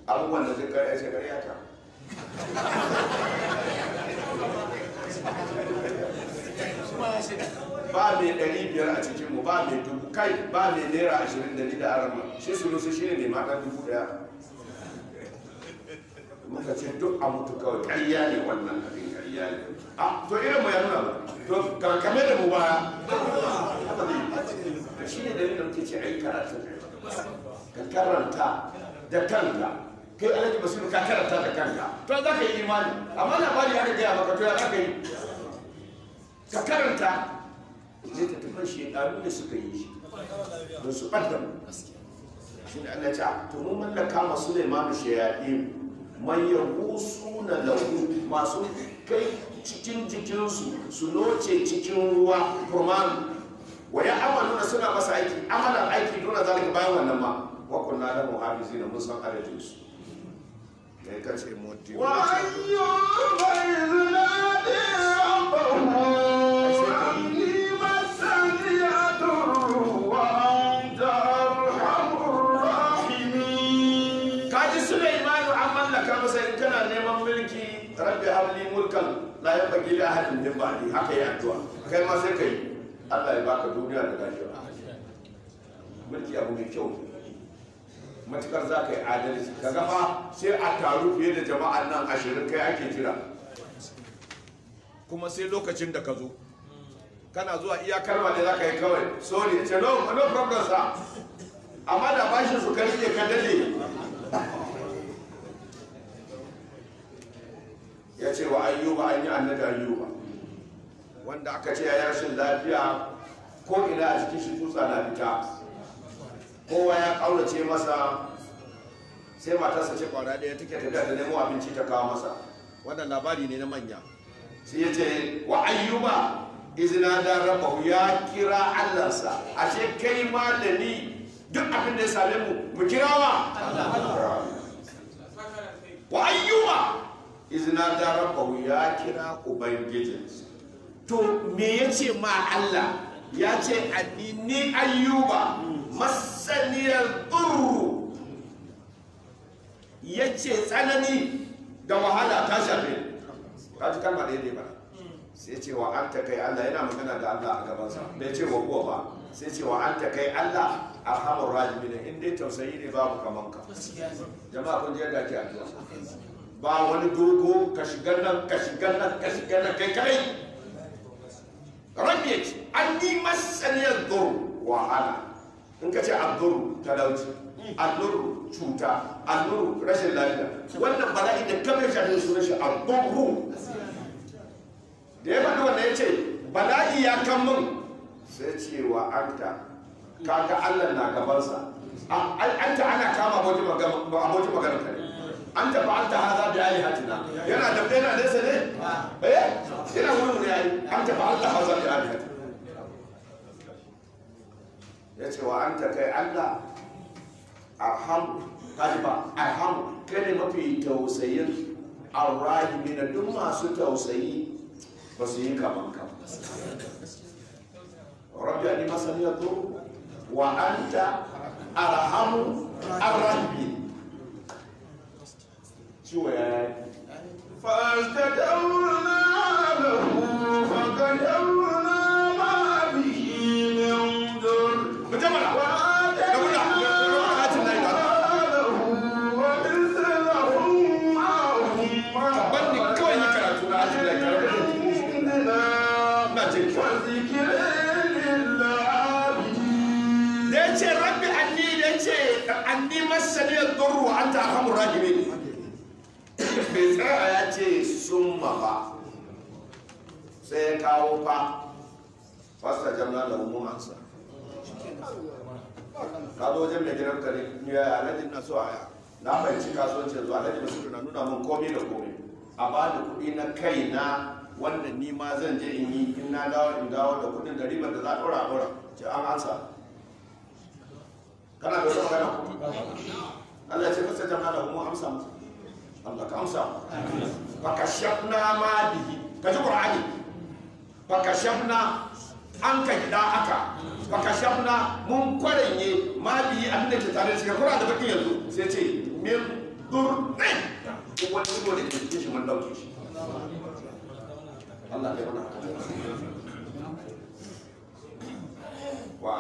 abubuwan da zai kare ya ce kare ya ta ba mai ɗari biyar a cikinmu ba mai dubu kai ba mai naira ashirin da ni da arama shi su nusu shi ne mai mata dubu ɗaya muka ce duk a mutu kawai ƙarya ne wannan abin ƙarya ne a ah, to irin mu ya nuna to kame da mu baya da shi ne da yin ɗauke ce a yi karatu ka karanta da kanka kai alhaji basiru ka karanta da kanka to za ka yi imani amma labari ya gaya maka to ya za ka yi ka karanta zai ta tafi shi ɗaru ne suka yi shi don su ɓadda mu shi ne Allah ya ce ah, to mun mallaka masu ne ma mu shayaɗi mu man yahusu na lahu masu kai cikin jikinsu su noce cikin ruwa kurman wa ya amalu da suna masa aiki amalan aiki dole zalika bayan wannan ma wa kunna da zai da mun adadin su kai kace mutti wa ayyuhal ladina yanbaghi li ahadin min ba'di haka ya addu'a kai ma sai kai Allah ya baka duniya da lafiya mulki abu mai kyau matukar za ka yi adalci ka gama sai a taru fiye da jama'an nan ashirin kai ake jira kuma sai lokacin da ka zo kana zuwa iya kalma da za ka yi kawai sorry ce no problem sa amma da bashin su karfe ka dade ya ce wa ayyuba an yi annabi ayyuba wanda aka ce ya rashin lafiya ko ina a cikin shi tutsa na fita kowa ya kaurace masa sai matarsa ce kwara ɗaya take tafiya ta nemo abinci ta kawo masa wannan labari ne na manya sai ya ce wa ayyuba izina da rabahu ya kira allansa ce kai malami duk abin da ya same mu mu kira wa wa ayyuba izina ta rabbahu ya kira ubangijin to me ya ce ma Allah ya ce ni ayyuba masaniyar ɗurru ya ce tsanani da wahala ta shafe ka ji kalma ɗaya ba sai ce wa an ta kai Allah yana magana da Allah a gabansa bai ce wa kuwa ba sai ce wa an ta kai Allah a hamar rajimi ne in tausayi ne babu kamanka jama'a kun je da ke addu'a ba wani dogo kashi shiga kashi ka kashi nan kai kai rabbi yace an yi masaniyar duru wahala in ka ce abduru talauci annuru cuta annuru rashin lafiya wannan za'i da kamar shafin su rashin abduru da ya faɗi wannan ya ce bala'i ya kan mun sai wa an ta kaga allah na gabansa an ta ana kama abokin magana ka ne an tafi an ta haza bi ali hatina yana tafi yana nesa ne eh yana wurin ne ai an tafi an ta haza bi ali yace wa an ta kai allah arhamu kaji ba arhamu kai ne mafi tausayin arrahimi na duk masu tausayi ba su yi kaman ka rabbi ani masani ya wa anta arhamu arrahimi ciwo ya yaki فاستدورنا له فقدرنا ما به من ضر ce rabbi anni da ya ce anni masani ya an ta hamu rahimin bai ya ce sun mafa sai ya kawo fa fasta jamla da umumansa ka zo wajen mai gidan kare ya alhaji na so aya na fahimci kasuwancin zuwa alhaji na suka nuna min komi da komi. a ba da kuɗi na kai na wanda ni ma zan je in yi in na dawo in dawo da kuɗin da ribar da za a ɗora a ɗora ce an ansa kana da na magana Allah ce fasta jamla da umumansa Allah ka amsa fa kashafna ma bihi ji qur'ani fa kashafna an ka gida aka fa kashafna mun kwaranye ma bihi abin da ke tare shi kura da bakin yanzu sai ce min durrin ko wani ko da ke shi mun dauke shi Allah ya mana wa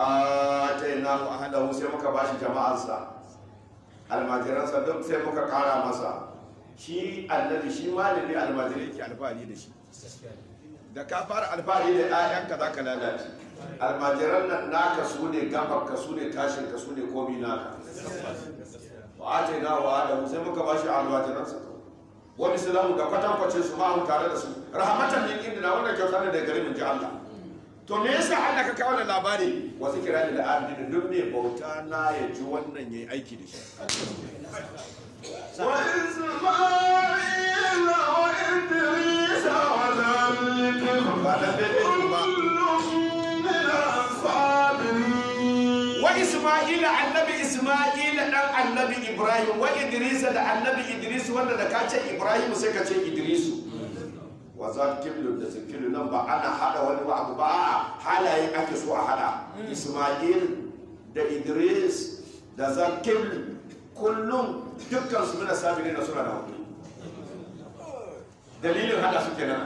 atainahu ahlahu sai muka bashi jama'arsa almajiransa duk sai muka kara masa shi annabi shi malami almajiri ke alfahari da shi da ka fara alfahari da ɗayanka za ka lalace almajiran nan naka su ne ka su ne ka su ne komi naka ba a ce nawa da sai muka bashi sa wani silamu ga kwatankwacin su ma'amu tare da su rahamatan ne inda na wanda kyauta ne da gari mun ji allah to me yasa allah ka kawo wannan labari wasu kira da al'adu da duk mai bauta na ya ji wannan ya yi aiki da shi Isma'ila annabi Isma'ila dan annabi Ibrahim wa Idrisa da annabi Idris wanda da ka ce Ibrahim sai ka ce Idrisu wa za kiblu da zikiru nan ba ana hada wani ba ba halaye ake so a hada Isma'il da Idris da za kiblu kullum dukkan su mina sabi na suna da hudu dalilin haka su kenan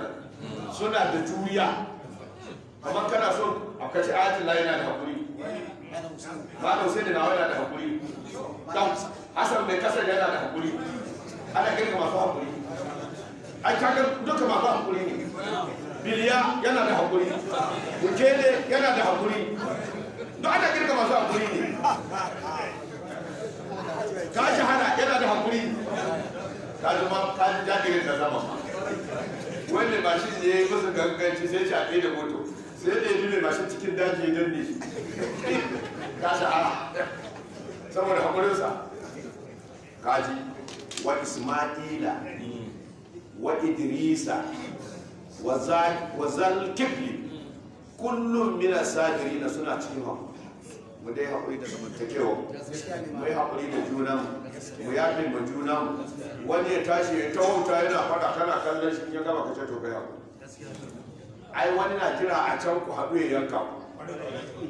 suna da juriya amma kana so a kace ayatul lahi yana da hakuri ba da sai da nawa yana da hakuri dan hasan mai kasar yana da hakuri ana kirga masu hakuri ai kaga duka masu hakuri ne biliya yana da hakuri mujele yana da hakuri duk ana kirga masu hakuri ne ta shahara yana da hakuri ta zama ta jagirin da zama wanda mashin ya yi masa ganganci sai shi a kai da moto sai da yi mai mashin cikin daji ya danne shi ta shahara saboda hakurinsa kaji wa isma'ila wa idrisa wa zalkifli kullum mina sadirina suna cikin hakuri mu dai haƙuri da zamantakewa mu yi haƙuri da junan mu yaɗe ma junan wani ya tashi ya ta wauta yana faɗa kana kallon shi ya gama kace to kai haƙuri ai wani na jira a can ku haɗu ya yanka ku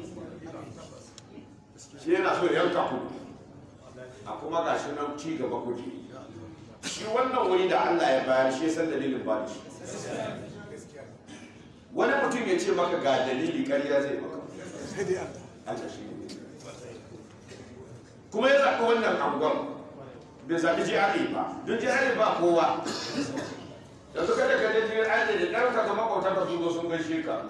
shi yana so yanka ku a kuma ga shi nan ci gaba ku shi wannan wani da Allah ya bayar shi ya san dalilin ba shi wani mutum ya ce maka ga dalili ƙarya zai maka a shi kuma ya zaɓi wannan angon bai zaɓi jihari ba don jihari ba kowa da suka ka da jirgin aiki da ɗanka ga makwauta ka zuwa sun gaishe ka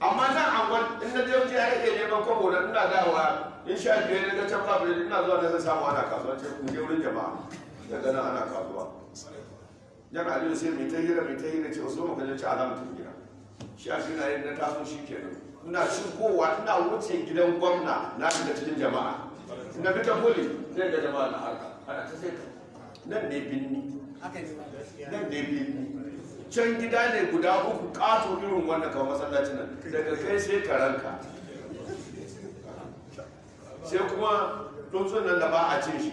amma nan angon in na je jihari ke neman kwabo da ina dawa in sha biyar ne can ba biyar ina zuwa da zai samu ana kasuwa ce kun je wurin jama'a da ganin ana kasuwa ka aliyu sai mai ta hira mai ta hira ce wasu makajanci alamtun gina shi a shi na yin na taso shi kenan ina shigowa ina wuce gidan gwamna na da cikin jama'a na fita kuli zai ga jama'a na haka ana ta sai nan ne binni nan ne binni can gida ne guda uku kato irin wannan kawo masallacin nan daga kai sai karanka sai kuma tsuntsun nan da ba a cin shi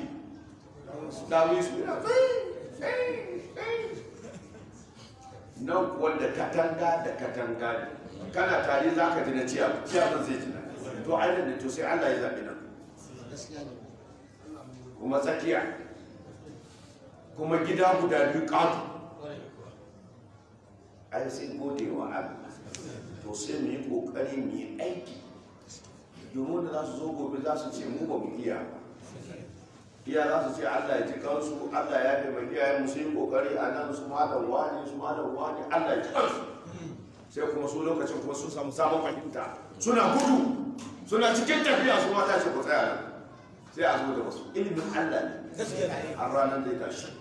mai su yana nan kuwa katanga da katanga ne kana tari za ka ji na ciya ciya zai ji na to ainihin ne to sai allah ya zaɓi nan kuma tsakiya kuma gida guda biyu ƙatu ai sai gode wa allah to sai mu yi ƙoƙari mu yi aiki domin da za su zo gobe za su ce mu ba mu iya iya za su ce allah ya ji kansu allah ya taimaki iyayen mu sai ƙoƙari a nan su da wani su ma da wani allah ya ji kansu sai kuma su lokacin kuma sun samu sabon fahimta suna gudu suna cikin tafiya su mata ce ku tsaya sai a zo da wasu ilimin Allah ne a ranar da ya tashi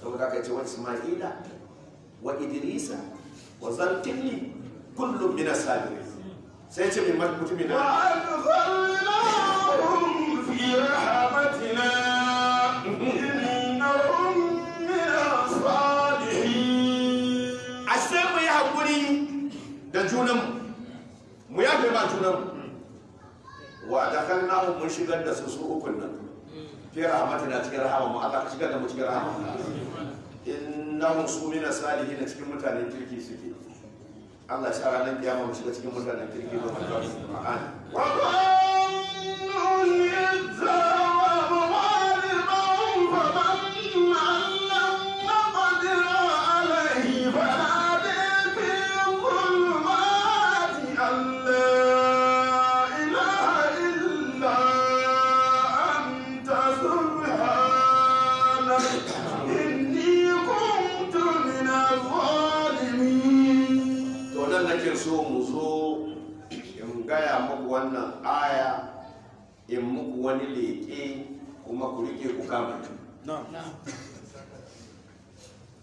saboda aka ce wa Isma'ila wa Idrisa wa Zalkili kullum min asabiri sai ce mai mutumin na wa alfa'ilahum fi rahmatina mu yafe ba junan wa mu mun shigar da su su ukun nan hmm. fi na cikin rahama mu Allah ka shigar da mu cikin rahama innahum su min salihin cikin mutanen kirki suke Allah shi a ranar kiyama mu shiga cikin mutanen kirki ba mu da Qur'ani wa wannan aya in muku wani leƙe kuma ku rike ku kama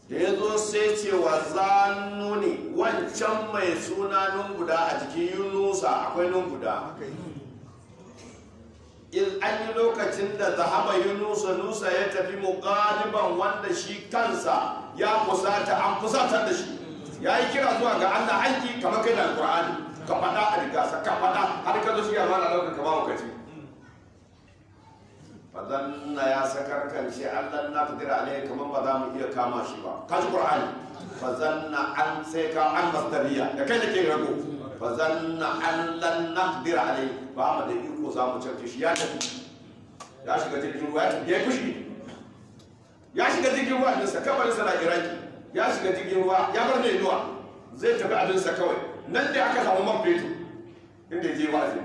da ya zo sai cewa zannu ne wancan mai suna nun guda a jikin yunusa akwai nun guda in an yi lokacin da zahaba yunusa nusa ya tafi ƙaliban wanda shi kansa ya kusata an kusatar da shi ya yi kira zuwa ga allah aiki kamar kai da alƙur'ani ka faɗa a rigasa ka faɗa har ka zo shi ya na ɗaukar ka ba mu kaci ya sakar kan shi Allah na fitira alai kamar ba za mu iya kama shi ba ka ji Qur'ani fazanna an sai ka an masdariya da kai da ke rago fazanna an lan naqdir alai ba mu da iko za mu cance shi ya tafi ya shiga jirgin ruwa ya tafi ya fushi ya shiga jirgin ruwa da sakabar sana'iraki ya shiga jirgin ruwa ya bar ne zuwa zai tafi abin sa kawai nan da aka samu man fetur inda je wa'azi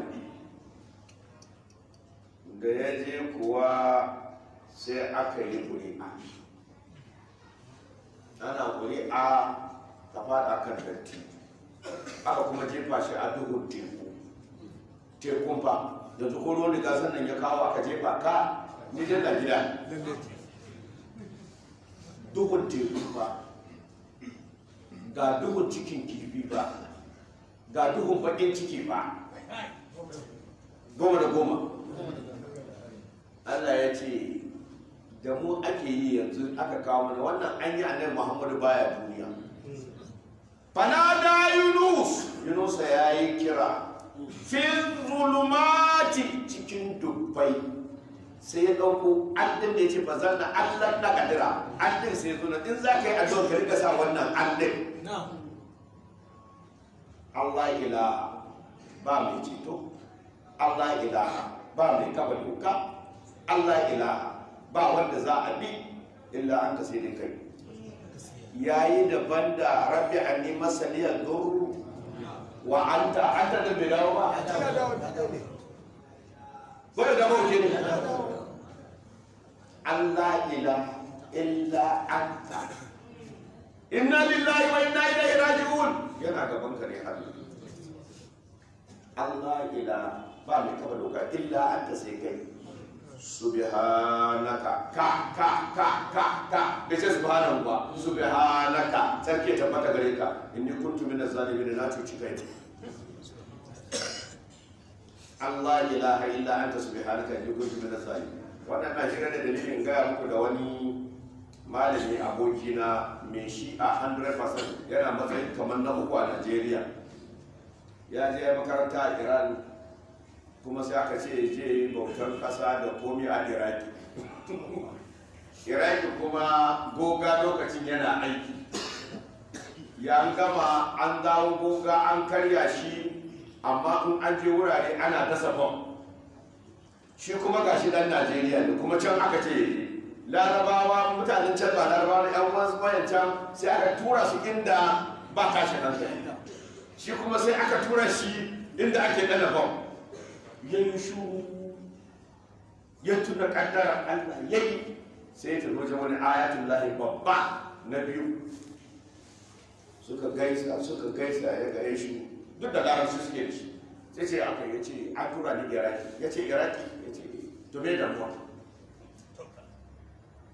da ya je kuwa sai aka yi ƙuri'a ana ƙuri'a ta faɗa kan datti aka kuma jefa shi a duhun teku tekun ba da tukoro wani gasar nan ya kawo aka jefa ka ni da gida duhun teku ba ga duhun cikin kifi ba ga duhun bakin ciki ba goma da goma Allah ya ce da mu ake yi yanzu aka kawo mana wannan an yi annabi Muhammadu baya duniya fanada Yunus Yunus ya yi kira fil zulumati cikin dubbai sai ya ɗauko allin da ya ce ba zan na na kadira allin sai ya zo na in za ka yi addu'a ka riga sa wannan allin Allah ilaha ba mai ceto Allah ilaha ba mai kaba doka Allah ilaha ba wanda za a bi illa an ta sai kai yayi daban da rabbi anni masaliya dhurru wa anta da bilawa bada da mawuce ne Allah ilaha illa anta inna lillahi wa inna ilaihi raji'un yana gaban ka ne Allah Allah ila ba mai taba doka illa an ta sai kai subhanaka ka ka ka ka ka bai ce subhanan ba subhanaka sarki ta mata gare ka inni kuntu min zalimin na cuci kai Allah ilaha illa anta subhanaka inni kuntu min zalimin wannan na shiga da dalilin ga muku da wani malami abokina mai shi a 100% yana matsayin kamar na uku a najeriya ya je makaranta a iran kuma sai aka ce ya je bautar kasa da komi a iraki iraki kuma goga lokacin yana aiki ya gama an dawo goga an karya shi amma in an je wurare ana dasa bom shi kuma gashi dan najeriya ne kuma can aka ce ya je larabawa mutanen can ba larabawa yan wasu bayan can sai aka tura su inda ba tashin hankali shi kuma sai aka tura shi inda ake dana bom ya yi shuru ya tuna kaddara allah ya yi sai ta wajen wani ayatun lahi babba na biyu suka gaisa suka gaisa ya gare shi duk da larabci suke da shi sai ce aka ya ce an tura ni iraki ya ce iraki ya ce to me damuwa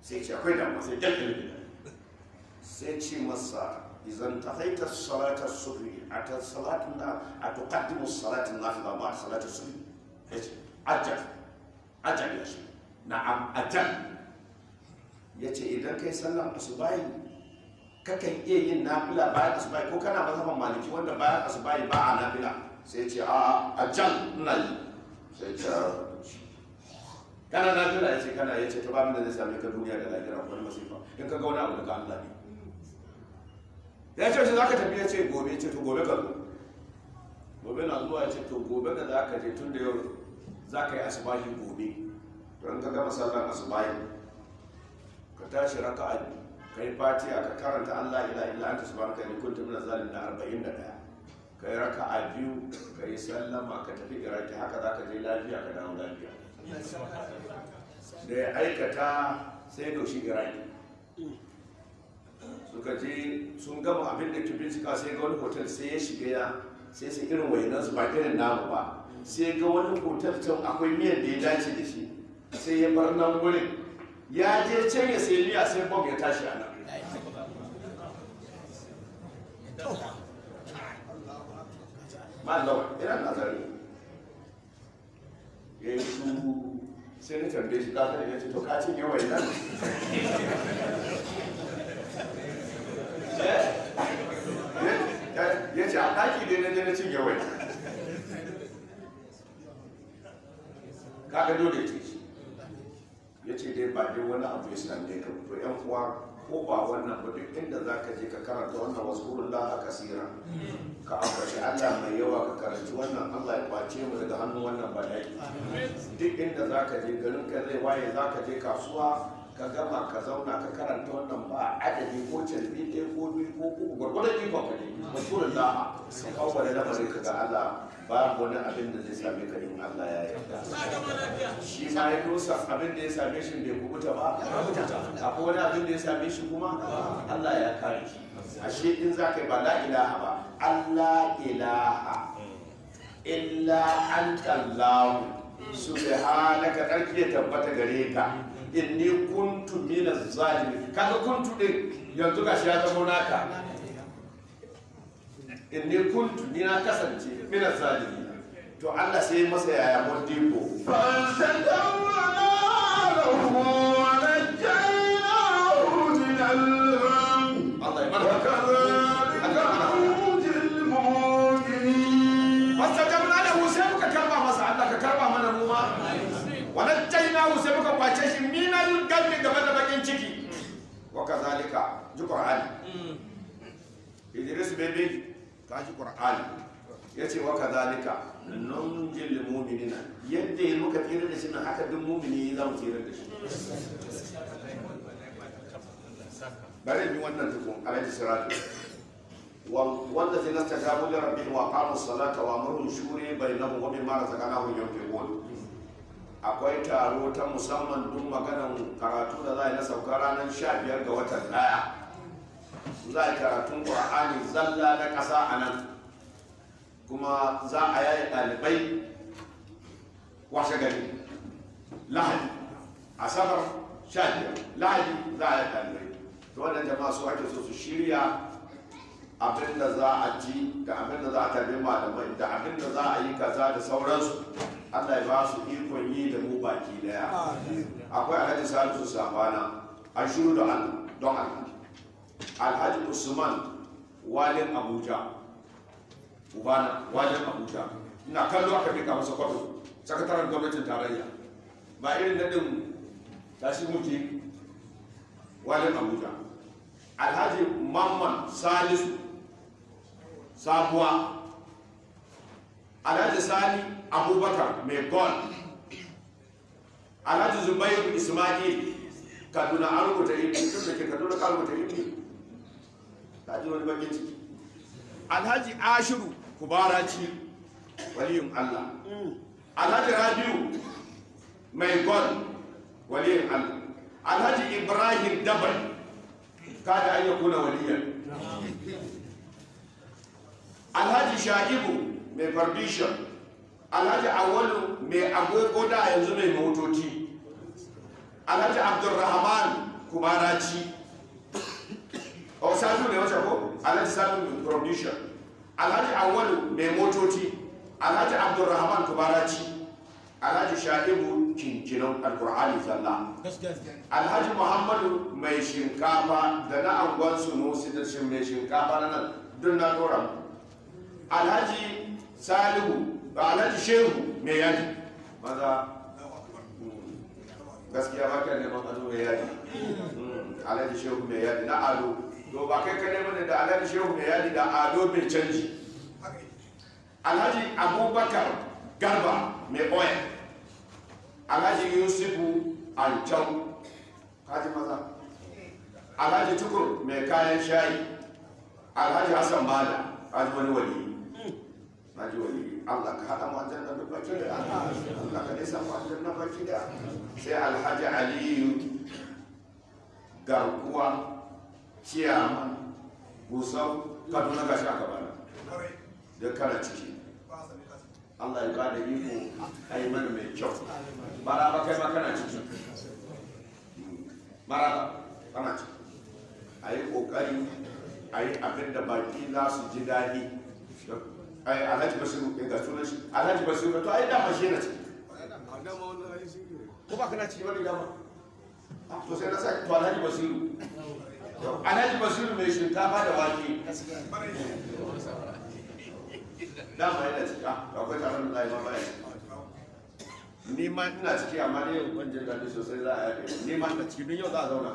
sai ce akwai damuwa sai tattali gida sai ce masa izan ta haita salatar sufi a ta salatun na a ta kaddimu salatun na fi zama a salatar sufi ya ce ajal ajal ya shi na'am ajal ya ce idan kai sallan asubahi kakan iya yin nafila bayan asubahi ko kana mazhaban maliki wanda bayan asubahi ba a nafila sai ce a ajiyar na yi sai ce kana na tura ya ce kana ya ce ta ba da zai same ka duniya da lahira wani masifa in ka ga wani abu daga Allah ne da ya ce shi za ka tafi ya ce gobe ya ce to gobe ka zo gobe na zuwa ya ce to gobe da za ka je tun da yau za ka yi asibahi gobe don ka gama sallar asibahi ka tashi raka kai ka yi ka karanta Allah ila ila anta subhanaka inni kuntu minaz zalimin da 41 ka yi raka a biyu ka yi sallama ka tafi iraki haka za ka je lafiya ka dawo lafiya da ya aikata sai doshi iraki suka je sun gama abin da kibin suka sai ga wani hotel sai ya shiga ya sai sai irin wayanan su ba irin namu ba sai ga wani hotel can akwai miyan da ya dace da shi sai ya bar nan wurin ya je can ya sai miya sai bom ya tashi a nan ma'alawa ina nazari ya yi su sai na tambaye shi ya ce to ka cinye wai nan ya ce a ɗaki dai na je na cinye wai kaga dole ce ya ce dai ba dai wani abu ya sami ka fito yan kuwa? ko ba wannan ba duk inda za ka je ka karanta wannan waskurullah a kasira ka ambaci Allah mai yawa ka karanci wannan Allah ya kwace mu daga hannun wannan bala'i duk inda za ka je garin ka zai waye za ka je kasuwa ka gama ka zauna ka karanta wannan ba adadi ko carbi ɗaya ko biyu ko uku gwargwadon ikon ka ne masurin da ka kawo da lamarin ka ga Allah ba wani abin da zai same ka in Allah ya yarda shi ma ya dosa abin da ya same shi bai kubuta ba akwai wani abin da ya same shi kuma Allah ya kare shi ashe in za ka yi ba la ilaha ba Allah ilaha illa anta Allah subhanaka tsarki tabbata gare ka inni kuntu mina zalimi kaga kuntu din yanzu gashi ya zama naka inni kuntu ni na kasance mina zalimi to Allah sai masa yaya mun dibo fa na lahu wa najjaynahu min kazalika ji qur'ani idris bebe ka ji qur'ani yace wa kazalika mu'minina yadda muka tsira da shi na haka duk mu'mini za mu tsira da shi bari yi wannan tukun alaihi salatu wanda zai wa akwai taro ta musamman duk maganan karatu da za a yi na sauka ranar sha biyar ga watan daya za a yi karatun ƙwa'ani zalla na ƙasa a nan kuma za a yayi ɗalibai washe gari lahadi safar sha biyar lahadi za a yi ɗalibai to wadanda masu su ake so su shirya abin da za a ci da abin da za a tabi malamai da abin da za a yi kaza da sauransu allah ya ba su ikon yi da mu baki daya akwai alhaji salisu safana a shuru da an don alhaji usman walin abuja ubana walin abuja ina kallo aka fika masa kwato sakataren gwamnatin tarayya ba irin daɗin tashi muke walin abuja alhaji mamman salisu sabuwa alhaji sani abubakar mai gol alhaji zubairu ismail kaduna an rubuta ibni tun da ke kaduna ka rubuta ibni ta ji wani bakin ciki alhaji ashiru kubaraci waliyun allah alhaji rabiu mai gol waliyun allah alhaji ibrahim dabar kada an yi kuna waliyar. alhaji sha'ibu mai farbishon alhaji awalu mai agogo da yanzu mai motoci alhaji abdulrahman kubaraci raci oh, ne wata ko alhaji sanu mai farbishon alhaji awalu mai motoci alhaji abdulrahman kubaraci alhaji sha'ibu kinkinan alkur'ani zalla alhaji muhammadu mai shinkafa da na angon sunusi da mai shinkafa na nan dun na dora alhaji salihu ba alhaji shehu mai yaji maza gaskiya ba ka neman ado mai yaji hmm, alhaji shehu mai yaji na ado to ba kai ka neman da alhaji shehu mai yaji da ado mai canji alhaji abubakar garba mai oya alhaji yusufu alcan haji maza alhaji tukur mai kayan shayi alhaji hassan bala kaji wani waliyu na ji wani allah ka haɗa mu aljanna duk baki da allah ka nisa mu aljanna baki da sai alhaji aliyu garkuwa ciyaman gusau kaduna gashi aka bana da kara ciki allah ya bada iko a yi mai kyau maraba kai ma kana ciki maraba kana ciki a yi ƙoƙari a yi abin da baki za su ji daɗi alhaji basiru eh, ga sunan shi alhaji basiru ka to ai dama shi yana ciki ko ba kana ciki wani dama to sai na sa to alhaji basiru alhaji basiru mai shinkafa da wake dama yana ciki a ah, akwai taron da ma baya ni ma ina ciki amma ne ban jin daɗi sosai za a yaɗe ni ma ina ciki don yau za a zauna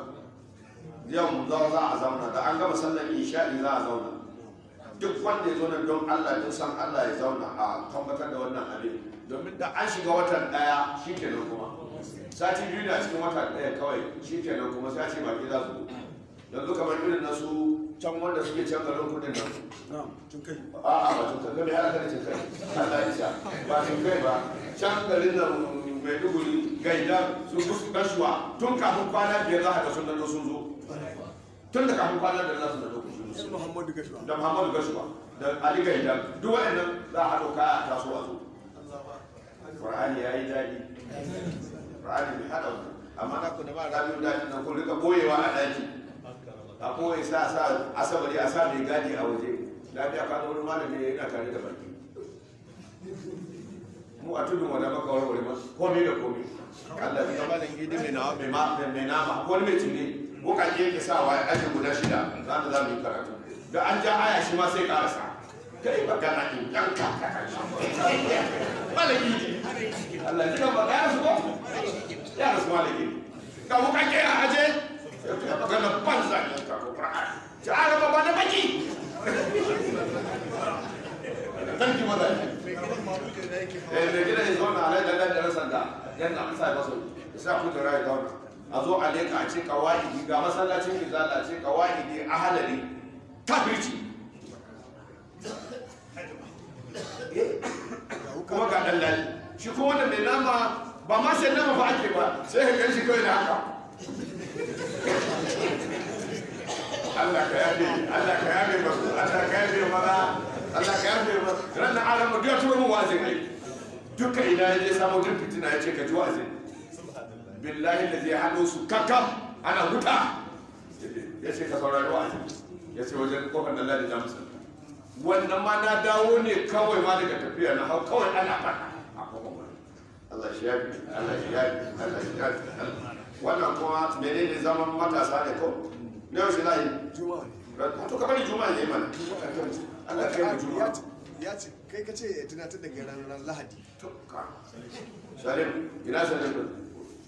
yau za a zauna da an gama sallar isha'i za a zauna duk wanda ya zo nan don Allah din san Allah ya zauna a tabbatar da wannan abin domin da an shiga watan daya shi nan kuma sati biyu da cikin watan daya kawai shi nan kuma sati ba ke za su yanzu kamar irin na su can wanda suke can garin kudin nan a'a ba tun kai mai halaka da cin Allah ya sha ba tun kai ba can garin nan maiduguri gaida su gusu tun kafin kwana biyar za a ga sun sun zo tun da kafin kwana biyar za su zo. su muhammadu gashuwa da muhammadu gashuwa da duk za a haɗo kaya a taso a zo qur'ani ya yi daɗi qur'ani bai haɗa ku amma na kuna daɗi nan kun rika boyewa a daji a sa sa asabari a sa mai gadi a waje lafiya ka wani malami ya yana tare da baki mu a tudun wani maka warware ma komai da komai Allah ya zama da gidi mai nama ko ne mai cinye muka je yake sa wa aje guda shida za ta za mu yi karatu da an ja aya shi ma sai karasa kai ba magana in yan ka malaki ne Allah ji ba ya su ko ya rasu malaki muka wukaje a aje ka na ban ne ka ko qur'an ja araba ba da baki sarki maza ne eh, mai gida ya zauna a nan da ɗan ɗan sanda yan amsa ya basu ya sa kutura da zauna a zo a leka a ce kawahidi ga masallacin izala a ce kawahidi a halari kafirci kuma ga dalali shi kuma wanda mai nama ba ma sai nama ba ake ba sai ka gan shi kawai da haka Allah ka yabe Allah ka yabe ba Allah ka yabe Allah ka yabe ba ran alamu duk ya mu wazin duka ina ya je samu duk ya ce ka ji wazin billahi da zai hannu su kakam ana huta ya ce ka saurari wa ya ce wajen kofar Allah da jamusa wannan ma na dawo ne kawai ma daga tafiya na hau kawai ana fata a kofar Allah shi yafi Allah shi yafi Allah shi yafi wannan kuma ne zaman matasa ne ko ne yau shi za yi juma'a ne to ka bari juma'a ne mana Allah kai mu juma'a ya ce kai ka ce tunatar da ranar lahadi to ka salim ina salim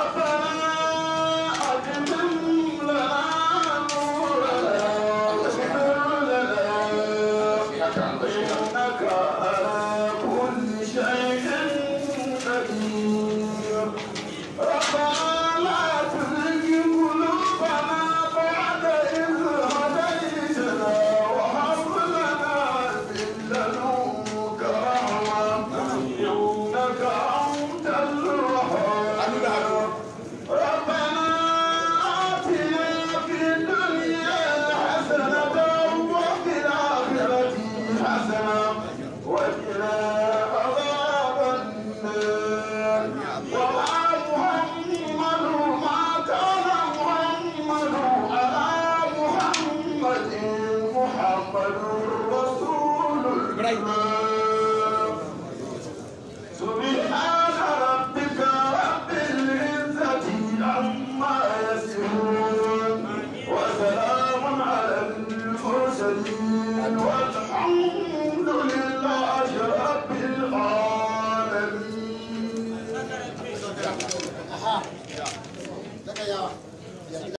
Papa.